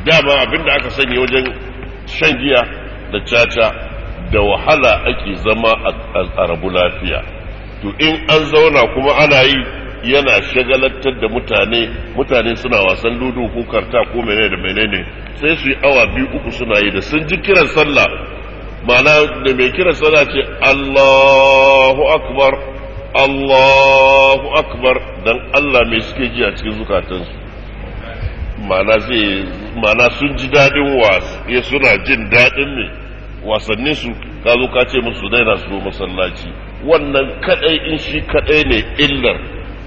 dama abin da aka sanya wajen shan giya da caca da wahala ake zama a rabu lafiya to in an zauna kuma ana yi yana shagalantar da mutane mutane suna wasan ludu ko karta ko menene da menene sai su yi awa biyu uku suna yi da sun ji kiran sallah ma'ana da mai kiran sallah ce Allahu akbar Allahu akbar dan Allah mai suke ji a cikin zukatansu ma'ana zai ma'ana sun ji daɗin wasu eh, suna jin daɗin ne wasannin su ka zo ka ce musu daina su masallaci wannan kadai in shi kadai ne illar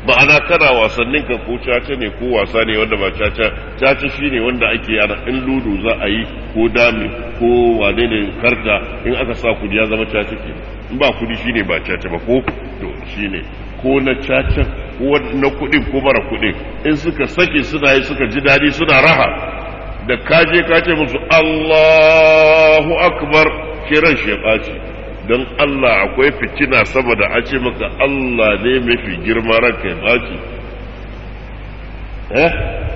ma'ana kana wasannin ka ko caca ne ko wasa ne wanda ba caca caca shi ne wanda ake yana in ludu za a yi ko dami ko wane ne karta in aka sa kudi ya zama caca ke in ba kudi shi ne ba caca ba ko to shi ne ko na caca ko na kudin ko mara kudin in suka sake suna yi suka ji daɗi suna raha da kaje kace musu Allahu akbar kiran shi ya ɓaci don Allah akwai fitina saboda a ce maka Allah ne mafi girma ranka ya baki. eh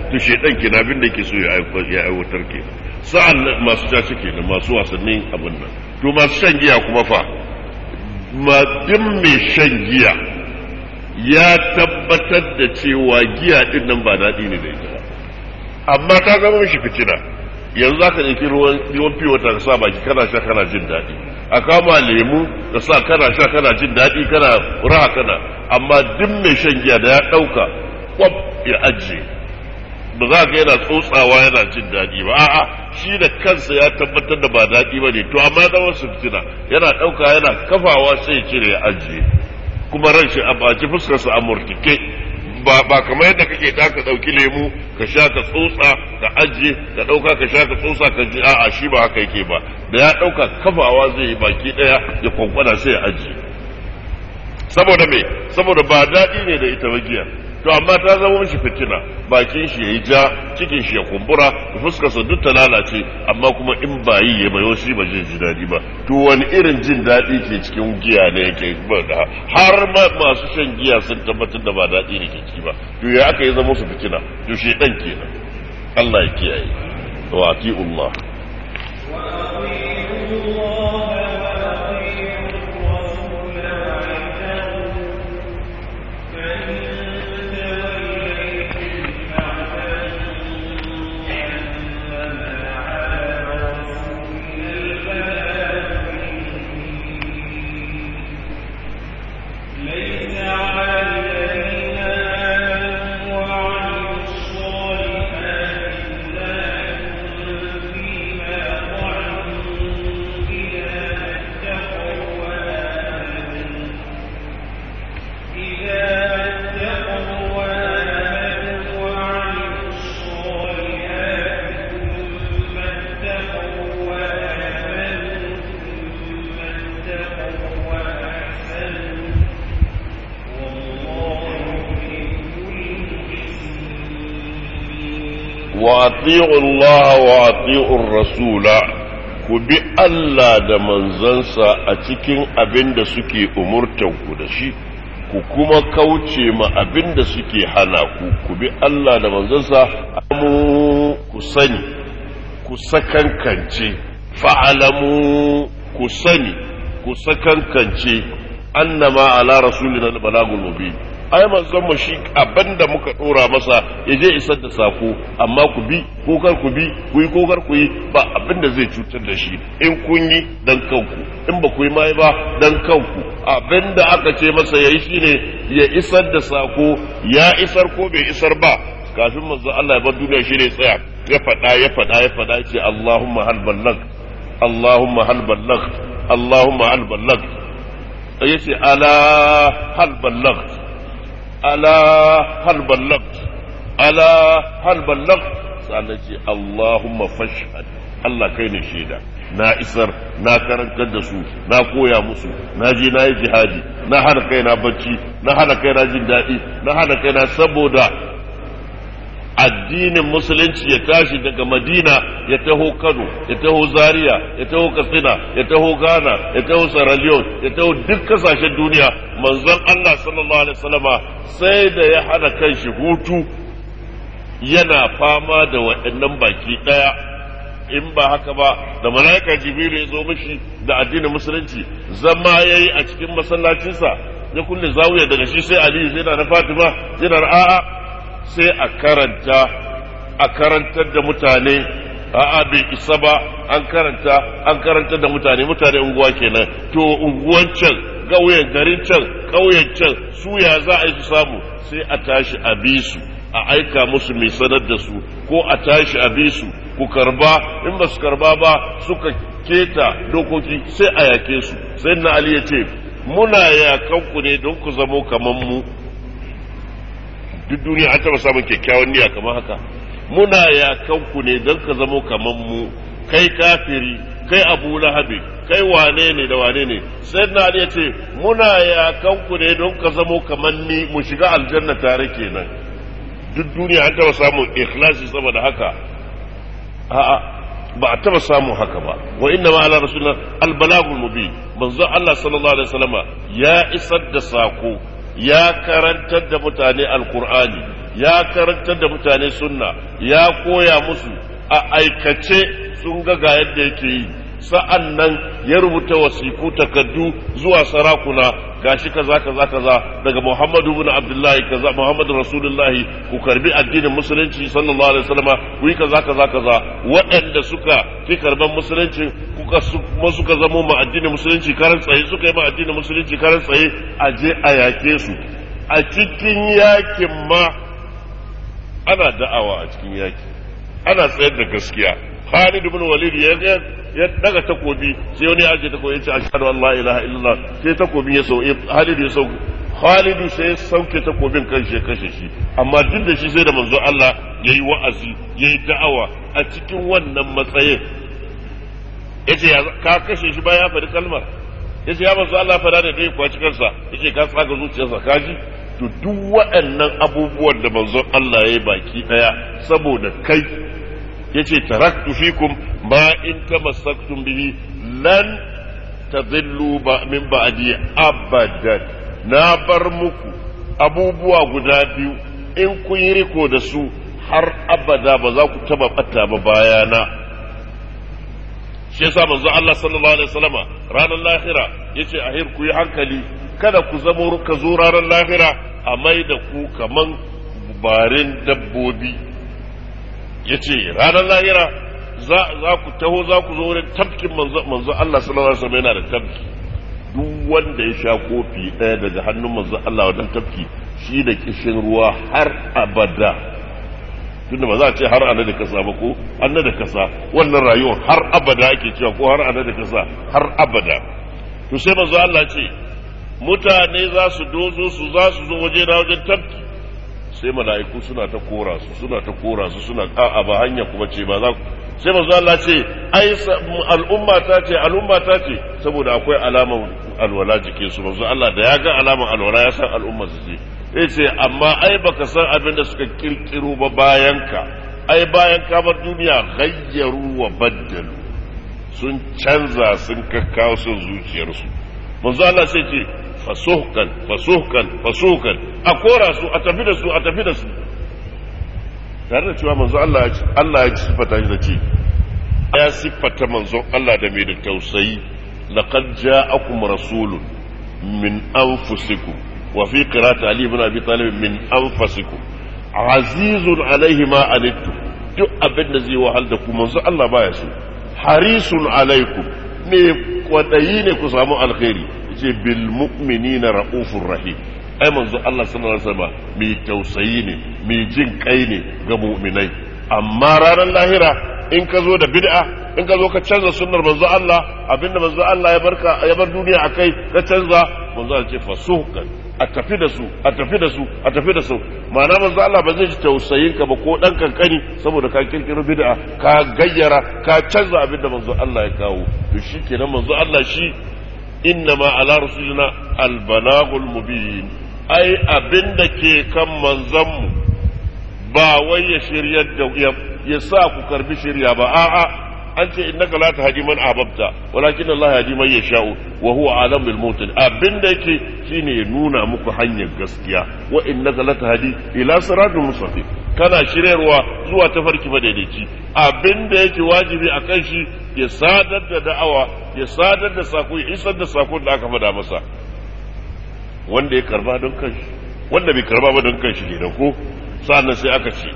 to dan kina bin da ke so ya aiwatar ke sa'an masu ta ke da masu wasannin abin nan to masu shan giya kuma fa din mai shan giya ya tabbatar da cewa giya din nan ba daɗi ne da ita amma ta zama mishi fitina yanzu za ka ɗauki ruwan fiye wata ka sa baki kana sha kana jin daɗi a kama lemu da sa kana sha kana jin daɗi kana raha kana amma duk mai shan giya da ya ɗauka kwab ya ajiye ba za ka yana tsotsawa yana jin daɗi ba a'a shi da kansa ya tabbatar da ba daɗi ba ne to amma zama su fitina yana ɗauka yana kafawa sai ya cire ya ajiye kuma ran shi a baci fuskarsa a murtike ba ba kamar yadda kake da ka dauki lemu ka sha ka tsotsa ka ajiye ka dauka ka sha ka tsotsa ka ji a'a shi ba haka yake ba da ya dauka kafawa zai yi baki daya ya kwankwana sai ya aje saboda me saboda ba daɗi ne da ita ma jiya. to amma ta zama shi fitina bakin shi yayi ja cikin shi ya kumbura fuskar sa duk ta lalace amma kuma in ba yi ya bayo shi ba zai ji dadi ba to wani irin jin dadi ke cikin giya ne yake ba har ma masu shan giya sun tabbatar da ba dadi ne ke ciki ba to ya aka yi zama su fitina to dan kenan Allah ya kiyaye wa atiullah واطيعوا الله واطيعوا الرسول rasula ku bi Allah da manzansa a cikin abin da suke umurtan ku da shi ku kuma kauce ma abin da suke hana ku ku bi Allah da manzansa mu ku sani ku sakankance fa'alamu ku sani ku sakankance annama ala rasulina balagul mubin ai manzon mu shi abinda muka dora masa ya je isar da sako amma ku bi ko kar ku bi ku yi ko kar ku yi ba abinda zai cutar da shi in kun yi dan kanku in ba ku yi mai ba dan kanku abinda aka ce masa yayi shine ya isar da sako ya isar ko bai isar ba kafin manzo Allah ya bar duniya shine tsaya ya faɗa ya faɗa ya faɗa ce Allahumma hal ballag Allahumma hal ballag Allahumma hal ballag yace ala hal ballag ala hal ballagt ala hal ballagt sannan ce Allahumma fashhad Allah kai ne shaida na isar na karantar da su na koya musu na je na yi jihadi na hana kaina bacci na hana kaina jin daɗi na hana kaina saboda addinin musulunci ya tashi daga madina ya taho kano ya taho zaria ya taho katsina ya taho ghana ya taho sierra leone ya taho duk kasashen duniya manzon allah sallallahu alaihi wasallama sai da ya hana kanshi hutu yana fama da waɗannan baki ɗaya in ba haka ba da mala'ika jibril ya zo mishi da addinin musulunci zama yayi a cikin masallacinsa ya kulle zawiya daga shi sai aliyu zai na fatima sai na a'a sai a karanta a karantar da mutane a'a bai isa ba an karanta an karantar da mutane mutane unguwa kenan to unguwan can ƙauyen garin can ƙauyen can su ya za a yi su samu sai a tashi a bi su a aika musu mai sanar da su ko a tashi a bi su ku karba in ba su karba ba suka keta dokoki sai a yake su sai na ali ya ce muna yakan ku ne don ku zamo kamar mu duk duniya an taba samun kyakkyawan niyya kamar haka muna ya kanku ne don ka zamo kamar mu kai kafiri kai abu lahabi kai wane ne da wane ne sai na ya ce muna ya kanku ne don ka zamo kamar ni mu shiga aljanna tare kenan duk duniya an taba samun ikhlasi saboda haka a'a ba a taba samun haka ba wa inna ma ala rasulina albalagul mubin manzo Allah sallallahu alaihi wasallama ya isar da sako ya karantar da mutane alkur'ani ya karantar da mutane sunna ya koya musu a aikace sun ga ga yadda yake yi sa'an nan ya rubuta wasiku takaddu zuwa sarakuna gashi kaza kaza kaza daga Muhammadu ibn Abdullahi kaza Muhammadu Rasulullahi ku karbi addinin musulunci sallallahu alaihi wasallam ku yi kaza kaza kaza waɗanda suka fi karban musulunci kuka kuma suka zamo ma addinin musulunci karan tsaye suka yi ma addinin musulunci karan tsaye a je a yake su a cikin yakin ma ana da'awa a cikin yaki ana tsayar da gaskiya Khalid ibn Walid ya ya daga takobi sai wani ya je takobi yace ashhadu an la ilaha illallah sai takobin ya sauke Khalid ya sauke Khalid sai ya sauke takobin kan shi kashe shi amma duk da shi sai da manzo Allah yayi wa'azi yayi da'awa a cikin wannan matsayin yace ka kashe shi ba ya faɗi kalmar yace ya manzo Allah fara da dai kwaci kansa yace ka tsaga zuciyarsa kaji to duk waɗannan abubuwan da manzo Allah ya yi baki daya saboda kai yace taraktu fikum ma in tamassaktum bihi lan tadillu ba min ba'di abadan na bar muku abubuwa guda biyu in kun yi riko da su har abada ba za ku taba bata ba bayana shi yasa manzo Allah sallallahu alaihi wasallama ranar lahira yace ahir ku yi hankali kada ku zama ka zo ranar lahira a mai da ku kaman barin dabbobi ya ce ranar lahira za ku taho za ku zo wurin tafkin manzo Allah sallallahu alaihi wasallam yana da tafki duk wanda ya sha kofi ɗaya daga hannun manzo Allah wajen tafki shi da kishin ruwa har abada tunda ba za a ce har ana da kasa ba ko an da kasa wannan rayuwar har abada ake cewa ko har ana da kasa har abada to sai manzo Allah ce mutane za su dozo su za su zo waje na wajen tafki sai mala'iku suna ta kora su suna ta kora su suna a'a ba hanya kuma ce ba za ku sai manzo Allah ce ai al'umma ta ce al'umma ta ce saboda akwai alamar alwala jikin su manzo Allah da ya ga alamar alwala ya san al'umma su ce sai ce amma ai baka san abin da suka kirkiro ba bayan ka ai bayan ka bar duniya gayyaru wa baddalu sun canza sun kakkawo sun zuciyarsu manzo Allah sai ce fasuhkan fasuhkan fasuhkan a kora su a tafi da su a tafi da su tare da cewa manzo Allah Allah ya siffata shi da ci ya sifata manzo Allah da mai da tausayi laqad ja'akum rasulun min anfusikum wa fi qira'ati ali ibn abi talib min anfusikum azizun alaihi ma alittu duk abin da zai wahal da ku manzo Allah baya so harisun alaikum me kwadayi ne ku samu alkhairi ce bil mu'minina ra'ufur rahim ai manzo Allah sallallahu alaihi wasallam mai tausayi ne mai jin kai ne ga mu'minai amma ranar lahira in ka zo da bid'a in ka zo ka canza sunnar manzo Allah abinda manzo Allah ya barka ya bar duniya akai ka canza manzo Allah ce fasuhkan a tafi da su a tafi da su a tafi da su ma'ana manzo Allah ba zai ji tausayin ka ba ko dan kankani saboda ka kirkiro bid'a ka gayyara ka canza abinda manzo Allah ya kawo to shikenan manzo Allah shi إنما على رسولنا البلاغ المبين أي أبن دكي كم منظم باوي شريا يساق كرب شريا بآآ an ce innaka la tahdi man ababta walakin Allah ya ji man yasha'u wa huwa alam bil mutin abinda yake shine ya nuna muku hanyar gaskiya wa innaka la hadi ila siratul mustaqim kana shirerwa zuwa tafarki madaidaici abinda yake wajibi a kan shi ya sadar da da'awa ya sadar da sako ya isar da sako da aka fada masa wanda ya karba don kanshi wanda bai karba ba don kanshi ne da ko sannan sai aka ce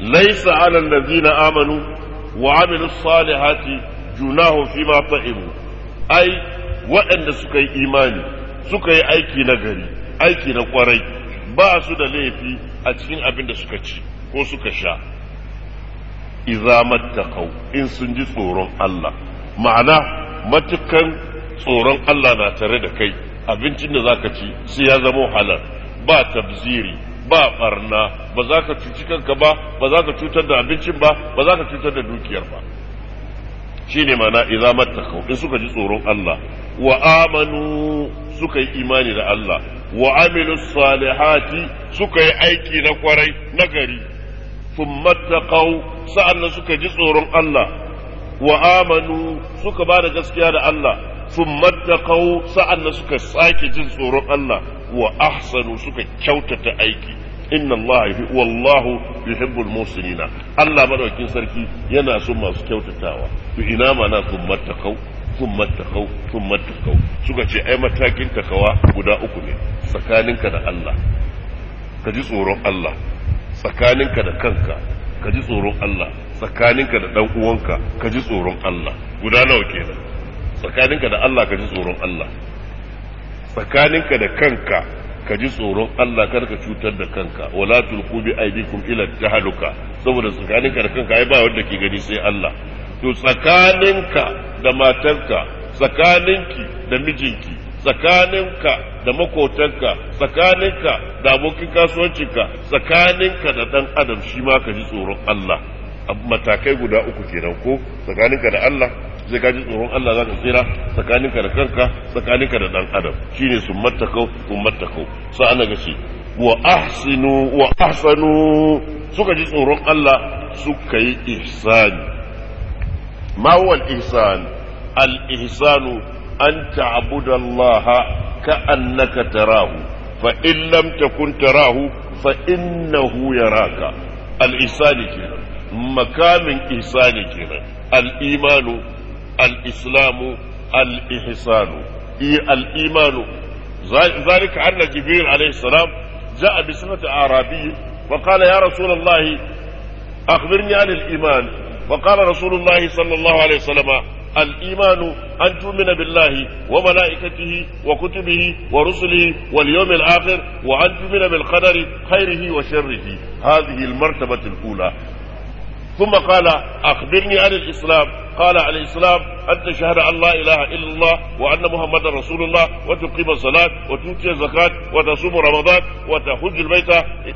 laisa alal ladzina amanu wa amilu salihati juna fi ma ta'imu ai waɗanda suka yi imani suka yi aiki na gari aiki na kwarai ba su da laifi a cikin abin da suka ci ko suka sha idza mattaqau in sun ji tsoron Allah ma'ana matukan tsoron Allah na tare da kai abincin da zaka ci sai ya zama wahalar ba tabziri ba barna ba za ka cuci kanka ba ba za ka cutar da abincin ba ba za ka cutar da dukiyar ba shine mana idza mattaqu in suka ji tsoron Allah wa amanu suka yi imani da Allah wa amilu salihati suka yi aiki na kwarai na gari thumma taqaw sa'annan suka ji tsoron Allah wa amanu suka ba da gaskiya da Allah sun mattaqau sa'an na suka sake jin tsoron Allah wa ahsanu suka kyautata aiki inna Allah wallahu yuhibbul musinina Allah madaukin sarki yana son masu kyautatawa Su ina mana sun mattaqau sun mattaqau sun mattaqau suka ce ai matakin takawa guda uku ne tsakaninka da Allah ka ji tsoron Allah tsakaninka da kanka ka ji tsoron Allah tsakaninka da dan uwanka ka ji tsoron Allah guda nawa kenan tsakaninka da Allah ka ji tsoron Allah tsakaninka da kanka ka ji tsoron Allah kar ka cutar da kanka wala tulqu bi aydikum ila tahaluka saboda tsakaninka da kanka ai ba wanda ke gani sai Allah to tsakaninka da matarka tsakaninki da mijinki tsakaninka da makotanka tsakaninka da abokin kasuwancinka tsakaninka da dan adam shi ma ka ji tsoron Allah matakai guda uku kenan ko tsakaninka da Allah sai ka ji tsoron Allah za ka tsira tsakaninka da kanka tsakaninka da dan adam shine sun mattakau kun mattakau sa'an ga shi wa ahsinu wa ahsanu suka ji tsoron Allah suka yi ihsani ma huwa al-ihsan al-ihsanu an ta'budu Allah ka'annaka tarahu fa in lam takun tarahu fa innahu yaraka al-ihsani kenan makamin ihsani kenan al-imanu الإسلام الإحسان الإيمان ذلك أن جبريل عليه السلام جاء بصفة أعرابي وقال يا رسول الله أخبرني عن الإيمان وقال رسول الله صلى الله عليه وسلم الإيمان أن تؤمن بالله وملائكته وكتبه ورسله واليوم الآخر وأن تؤمن بالقدر خيره وشره هذه المرتبة الأولى ثم قال أخبرني عن الإسلام قال على الإسلام أن تشهد أن لا إله إلا الله وأن محمدا رسول الله وتقيم الصلاة وتؤتي الزكاة وتصوم رمضان وتحج البيت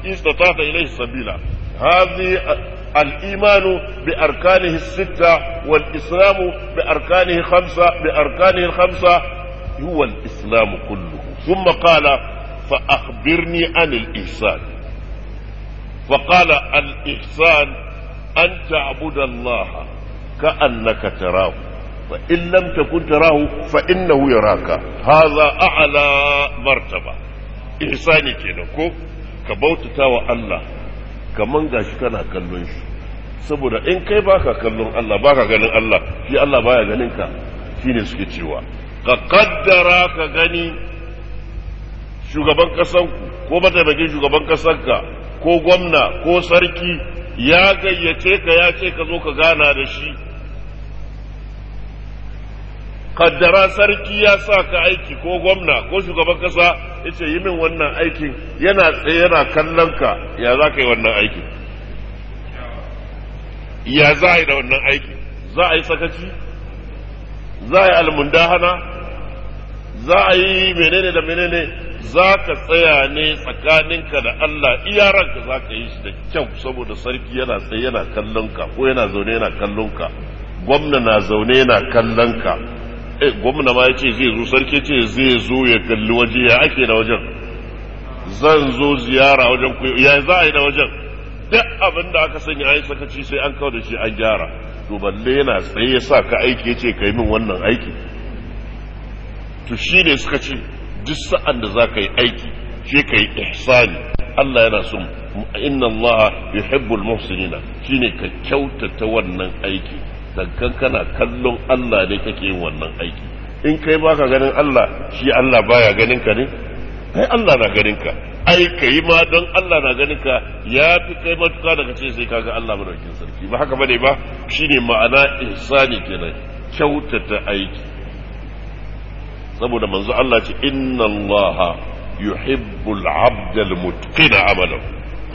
إن استطعت إليه سبيلا هذه الإيمان بأركانه الستة والإسلام بأركانه خمسة بأركانه الخمسة هو الإسلام كله ثم قال فأخبرني عن الإحسان فقال الإحسان an ta'budallaha ka annaka tarahu fa in lam takun tarahu fa innahu yaraka hadha a'la martaba ihsani kenan ko ka bautata wa Allah kaman gashi kana kallon shi saboda in kai baka kallon Allah baka ganin Allah shi Allah baya ganin ka shine suke cewa ka kaddara ka gani shugaban kasanku ko mataimakin shugaban kasanka ko gwamna ko sarki ya gayyace ka ya ce ka zo ka gana da shi kaddara sarki ya sa ka aiki ko gwamna ko shugaban kasa ya ce yi min wannan aikin yana tsaye yana kallon ka ya za ka yi wannan aikin ya za a yi da wannan aikin za a yi sakaci za a yi almundahana za a yi menene da menene za ka tsaya ne tsakaninka da Allah iya ranka za ka yi shi da kyau saboda sarki yana tsaye yana kallon ka ko yana zaune yana kallon ka gwamna na zaune yana kallon ka eh gwamna ma yace zai zo sarki ce zai zo ya kalli waje ya ake da wajen zan zo ziyara wajen ku ya za a yi da wajen duk abin da aka sanya ai sakaci sai an kawo da shi an gyara to balle yana tsaye ya sa ka aiki yace kai min wannan aiki to shi ne suka ce duk sa'an da za ka yi aiki shi ka ihsani Allah yana so inna Allah yuhibbul muhsinina shine ka kyautata wannan aiki dan kana kallon Allah ne kake yin wannan aiki in kai baka ganin Allah shi Allah baya ganin ka ne kai Allah na ganin ka ai kai ma don Allah na ganin ka ya fi kai matuka daga ce sai kaga Allah madaukin sarki ba haka bane ba shine ma'ana ihsani kenan kyautata aiki saboda manzo Allah ce inna Allah yuhibbul al mutqina amalahu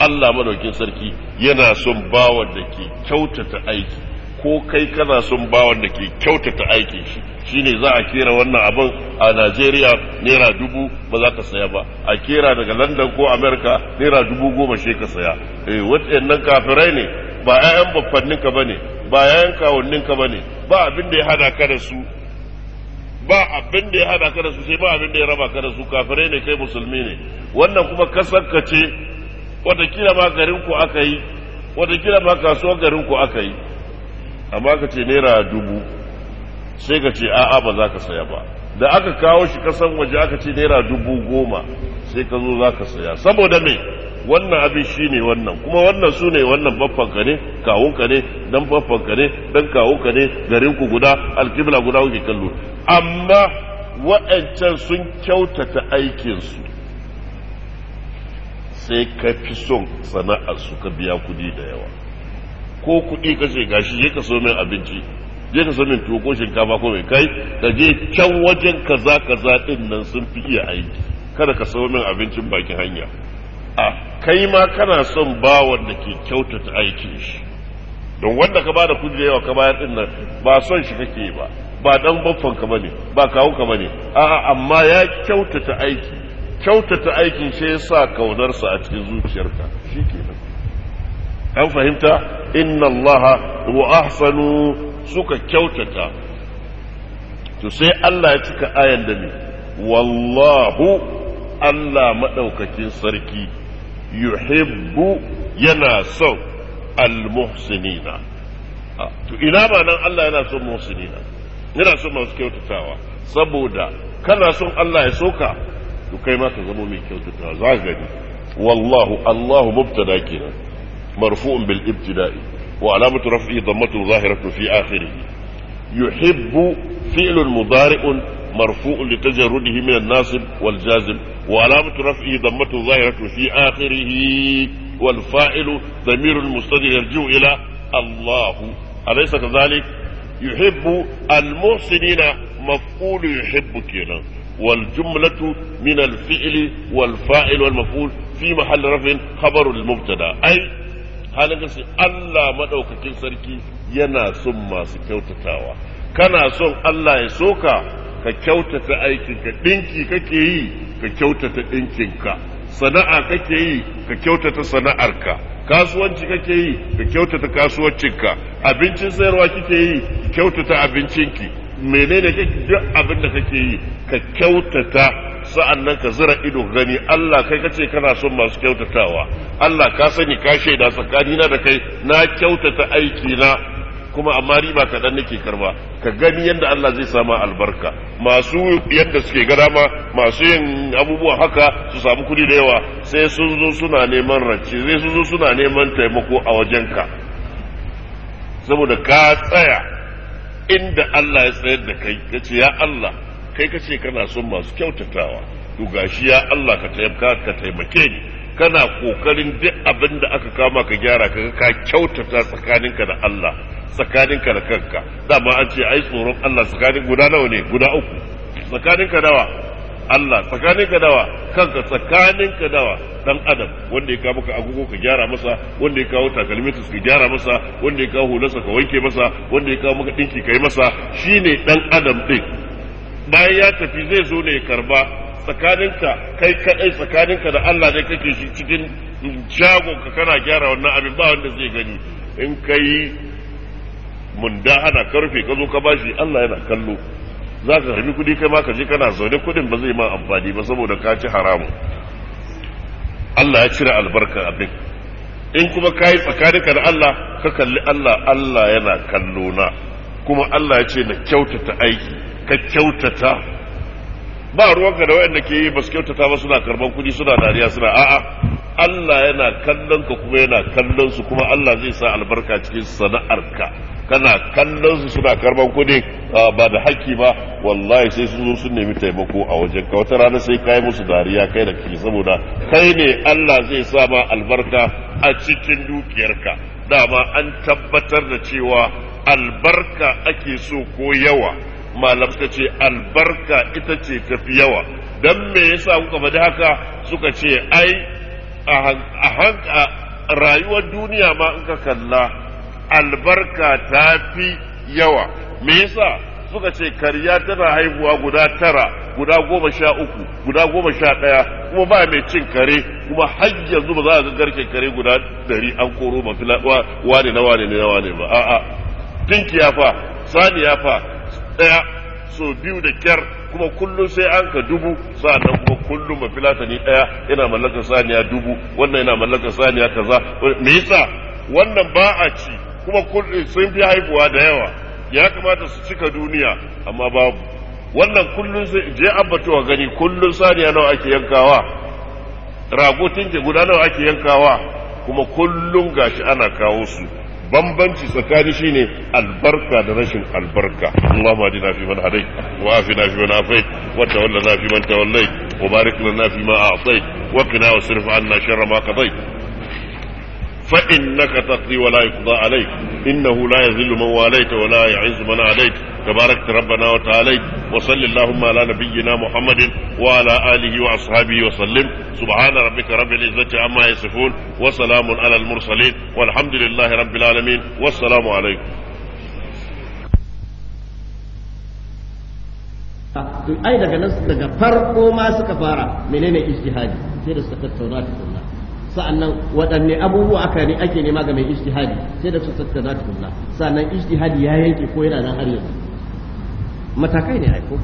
Allah madaukin sarki yana son bawan da ke kyautata aiki ko kai kana son bawan da ke kyautata aiki. shi shine za a kera wannan abin a Najeriya naira dubu ba za ka saya ba a kera daga London ko America naira dubu goma she ka saya eh waɗannan kafirai ne ba 'ya'yan baffanninka bane ba 'ya'yan kawunninka bane ba abin da ya hada ka da su ba abin da ya hada ka da su sai ba abin da ya raba ka da su kafirai ne kai musulmi ne wannan kuma kasar ka ce ma garin ku aka yi watakila ma kasuwar garin ku aka yi amma ka ce naira dubu sai ka ce a'a ba za ka saya ba da aka kawo shi kasan waje aka ce naira dubu goma sai ka zo za ka saya saboda me wannan abin shi ne wannan kuma wannan su ne wannan baffanka ne kawunka ne dan baffanka ne dan kawunka ne garinku guda alkibla guda kuke kallo amma wa'ancan sun kyautata aikinsu sai ka fi son sana'arsu ka biya kuɗi da yawa ko kuɗi ka gashi ya ka so min abinci je ka sanin tuwo shinkafa ko mai kai ka je can wajen kaza kaza din nan sun fi iya aiki kada ka sayo min abincin bakin hanya a kai ma kana son bawan da ke kyautata aikin shi don wanda ka bada yawa ka bayar din nan ba son shi kake ba ba dan baffan ka bane ba kawo ka bane a'a amma ya kyautata aiki kyautata aikin shi yasa kaunarsa a cikin zuciyarka shikenan an fahimta inna allaha wa ahsanu suka kyautata to sai Allah ya cika ayan da ne wallahu Allah maɗaukakin sarki yuhibbu yana son almuhsinina to ina ba nan Allah yana son muhsinina yana son masu kyautatawa saboda kana son Allah ya soka to kai ma ka zama mai kyautatawa za gani wallahu Allahu mubtada kenan marfu'un bil ibtida'i وعلامة رفعه ضمته ظاهرة في آخره يحب فعل مضارع مرفوع لتجرده من الناصب والجازم وعلامة رفعه ضمته ظاهرة في آخره والفاعل ضمير مستدر يرجع إلى الله أليس كذلك يحب المحسنين مفعول يحب كنا والجملة من الفعل والفاعل والمفعول في محل رفع خبر المبتدا أي halin gaske Allah maɗaukakin sarki yana son masu kyautatawa kana son Allah ya soka ka kyautata aikinka ɗinki kake yi ka kyautata ɗinkinka sana'a kake yi ka kyautata sana'arka kasuwanci kake yi ka kyautata kasuwancinka abincin sayarwa kike yi ka kyautata abincinki menene kake duk abin da kake yi ka kyautata sa'annan ka zira ido gani Allah kai kace kana son masu kyautatawa Allah ka sani ka shaida tsakanina da kai na kyautata aiki na kuma amma riba kaɗan nake karba ka gani yadda Allah zai sama albarka masu yadda suke gada ma masu yin abubuwa haka su samu kuɗi da yawa sai sun zo suna neman rance sai sun zo suna neman taimako a wajenka saboda ka tsaya inda Allah ya tsayar da kai ka ce ya Allah kai ka ce kana son masu kyautatawa to gashi ya Allah ka ka taimake ni kana kokarin duk abin da aka kama ka gyara ka ka kyautata tsakaninka da Allah tsakaninka da kanka dama an ce ai tsoron Allah tsakanin guda nawa ne guda uku tsakaninka nawa Allah tsakanin ka dawa kanka tsakanin ka dawa dan adam wanda ya kawo maka agogo ka gyara masa wanda ya kawo takalmi ka gyara masa wanda ya kawo hularsa ka wanke masa wanda ya kawo maka dinki kai masa shine dan adam din bayan ya tafi zai zo ne ya karba ka kai kadai tsakaninka da Allah ne kake shi cikin shago ka kana gyara wannan abin ba wanda zai gani in kai munda ana karfe ka zo ka bashi Allah yana kallo za ka harbi kuɗi kai ma ka je kana zaune kuɗin ba zai ma amfani ba saboda ka ci haramu Allah ya cire albarkar abin in kuma ka yi tsakaninka da Allah ka kalli Allah Allah yana kallona kuma Allah ya ce na kyautata aiki ka kyautata ba ruwanka da wayanda ke yi ba su kyautata ba suna karban kudi suna dariya suna a'a Allah yana kallon ka kuma yana kallon su kuma Allah zai sa albarka cikin sana'arka kana kallon su suna karban kuɗi ba da haƙƙi ba wallahi sai sun zo sun nemi taimako a wajen ka wata rana sai kai musu dariya kai da kake saboda kai ne Allah zai sa ma albarka a cikin dukiyarka dama an tabbatar da cewa albarka ake so ko yawa malam suka ce albarka ita ce tafi yawa don me yasa kuka faɗi haka suka ce ai a hanka rayuwar duniya ma in ka kalla albarka ta fi yawa me yasa suka ce karya tana haihuwa guda tara guda goma sha uku guda goma sha ɗaya kuma ba mai cin kare kuma har yanzu ba za a ga garken kare guda ɗari an koro ba wane na wane ne na wane ba a'a tinkiya fa ya fa ɗaya so biyu da kyar kuma kullum sai an ka dubu sa'annan kuma kullum ba filatani ɗaya ina mallakar saniya dubu wannan ina mallakar saniya kaza me yasa wannan ba a ci kuma eh, sun fi haihuwa da yawa ya kamata su cika duniya amma babu wannan kullum sai je a gani kullum saniya nawa ake yankawa rago tinke guda nawa ake yankawa kuma kullum gashi ana kawo su bambanci tsakani shine albarka da rashin albarka Allahumma adina fi man hadai wa fi man afai wa fi man tawallai wa barik lana fi ma a'tai wa qina 'anna sharra ma فإنك تقضي ولا يقضى عليك إنه لا يذل من واليت ولا يعز من عليت تباركت ربنا وتعاليت وصل اللهم على نبينا محمد وعلى آله وأصحابه وسلم سبحان ربك رب العزة عما يصفون وسلام على المرسلين والحمد لله رب العالمين والسلام عليكم ai daga nan daga farko ma suka fara menene ijtihadi sai da suka tattauna tukunna sa'annan waɗanne abubuwa aka ne ake nema ga mai ijtihadi sai da su tsaka za tukunna sa'annan ijtihadi ya yanke ko yana nan har yanzu matakai ne aiko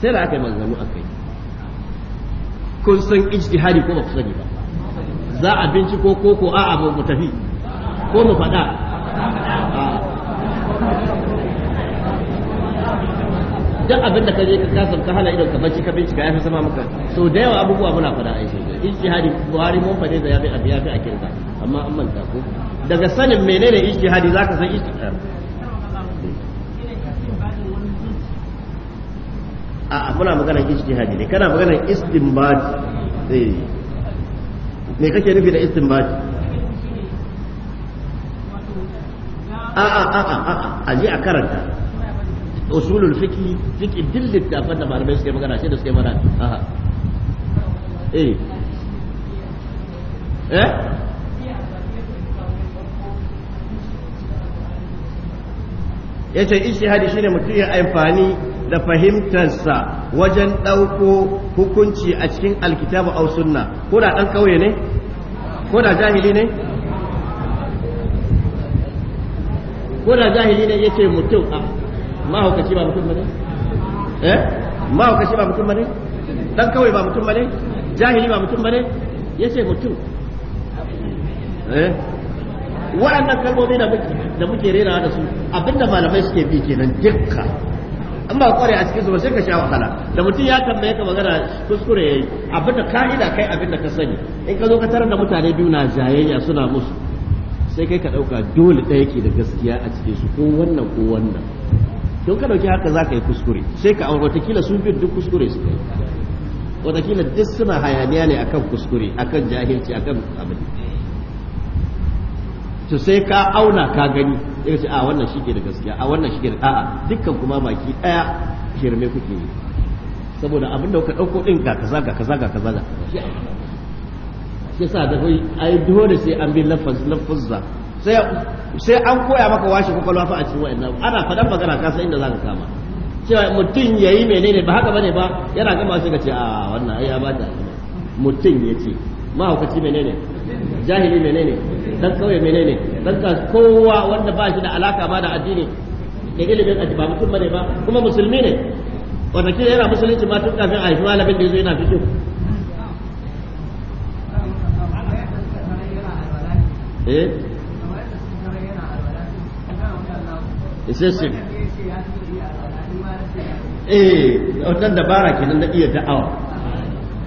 sai da aka yi manzanni kai kun san ijtihadi ko ba ku sani ba za a binci ko ko a'a ba mu tafi ko mu faɗa duk abin da ka je ka kasar ka hana idon ka bacci ka bincika ya fi sama maka so da yawa abubuwa muna faɗa aiki ijtihadi buhari mun fade da yafi abiya fi akirka amma an manta ko daga sanin menene ijtihadi zaka san ijtihadi eh. a muna magana ijtihadi ne kana magana istinbat eh me kake nufi da istinbat a a a a a ji a karanta usulul fiqh fiqh dillin da fanda malamai suke magana sai da suke magana eh eh ya ce ishihadi shine mutum ya amfani da fahimtarsa wajen ɗauko hukunci a cikin alkitabu au sunna ko da ɗan ƙauye ne ko da jahili ne ko da jahili ne ya ce mutum a ah, mahaukaci ba mutum bane eh mahaukaci ba mutum bane ɗan ƙauye ba mutum bane jahili ba mutum bane ya ce mutum Eh? waɗannan kalmomi da muke rera da su abinda malamai suke bi kenan dukka an ba kware a cikin su ba sai ka sha wahala da mutum ya tambaye ka magana kuskure yayi abinda ka'ida kai abinda ka sani in ka zo ka tarar da mutane biyu na jayayya suna musu sai kai ka ɗauka dole ɗaya ke da gaskiya a cikin su ko wannan ko wannan don ka ɗauki haka za ka yi kuskure sai ka aure watakila sun bi duk kuskure su kai watakila duk suna hayaniya ne akan kuskure akan jahilci akan abin to sai ka auna ka gani sai ce a wannan shi ke da gaskiya a wannan shi ke da a'a dukkan kuma baki daya shirme kuke yi saboda abin da kuka dauko din ga kaza ga kaza ga kaza shi sa da kai ai dole sai an bi lafaz lafazza sai sai an koya maka washe kwakwalwa fa a cikin wa'annan ana fadan magana ka san inda zaka kama cewa mutum yayi menene ba haka bane ba yana gama shi ka ce a wannan ai ya bata mutum yace hukaci menene jahili menene dan kauye menene dan kowa wanda ba shi da alaka ba da addini da ilimin addini ba mutum bane ba kuma musulmi ne wanda ke yana musulunci ma tun kafin a haifi malamin da yazo yana fikihu eh eh wannan dabara kenan na iya da'awa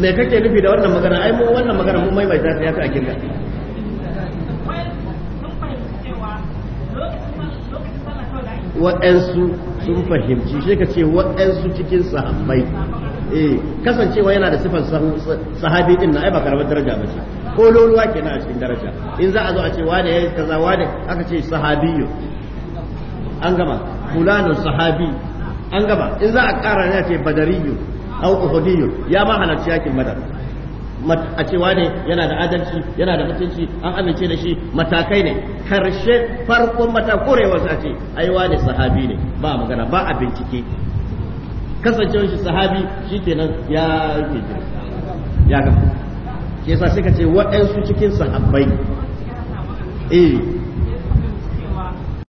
me kake nufi da wannan magana ai mu wannan magana mai maimaita ta ya ta akinda waɗansu sun fahimci shi ka ce waɗansu cikin sahabbai eh kasancewa yana da sifar sahabi din na ai ba karamar daraja ba ce ko loluwa ke a cikin daraja in za a zo a ce wane yayi kaza wane aka ce sahabiyo an gama fulano sahabi an gaba in za a ƙara ne ce badariyo. aw uhudiyyu ya ma halarci yakin badar a cewa ne yana da adalci yana da mutunci an amince da shi matakai ne karshe farkon matakorewar sa ce aiwa ne sahabi ne ba magana ba a bincike shi sahabi shikenan ya ke ya ga ke sa sai ka ce waɗansu cikin sahabbai eh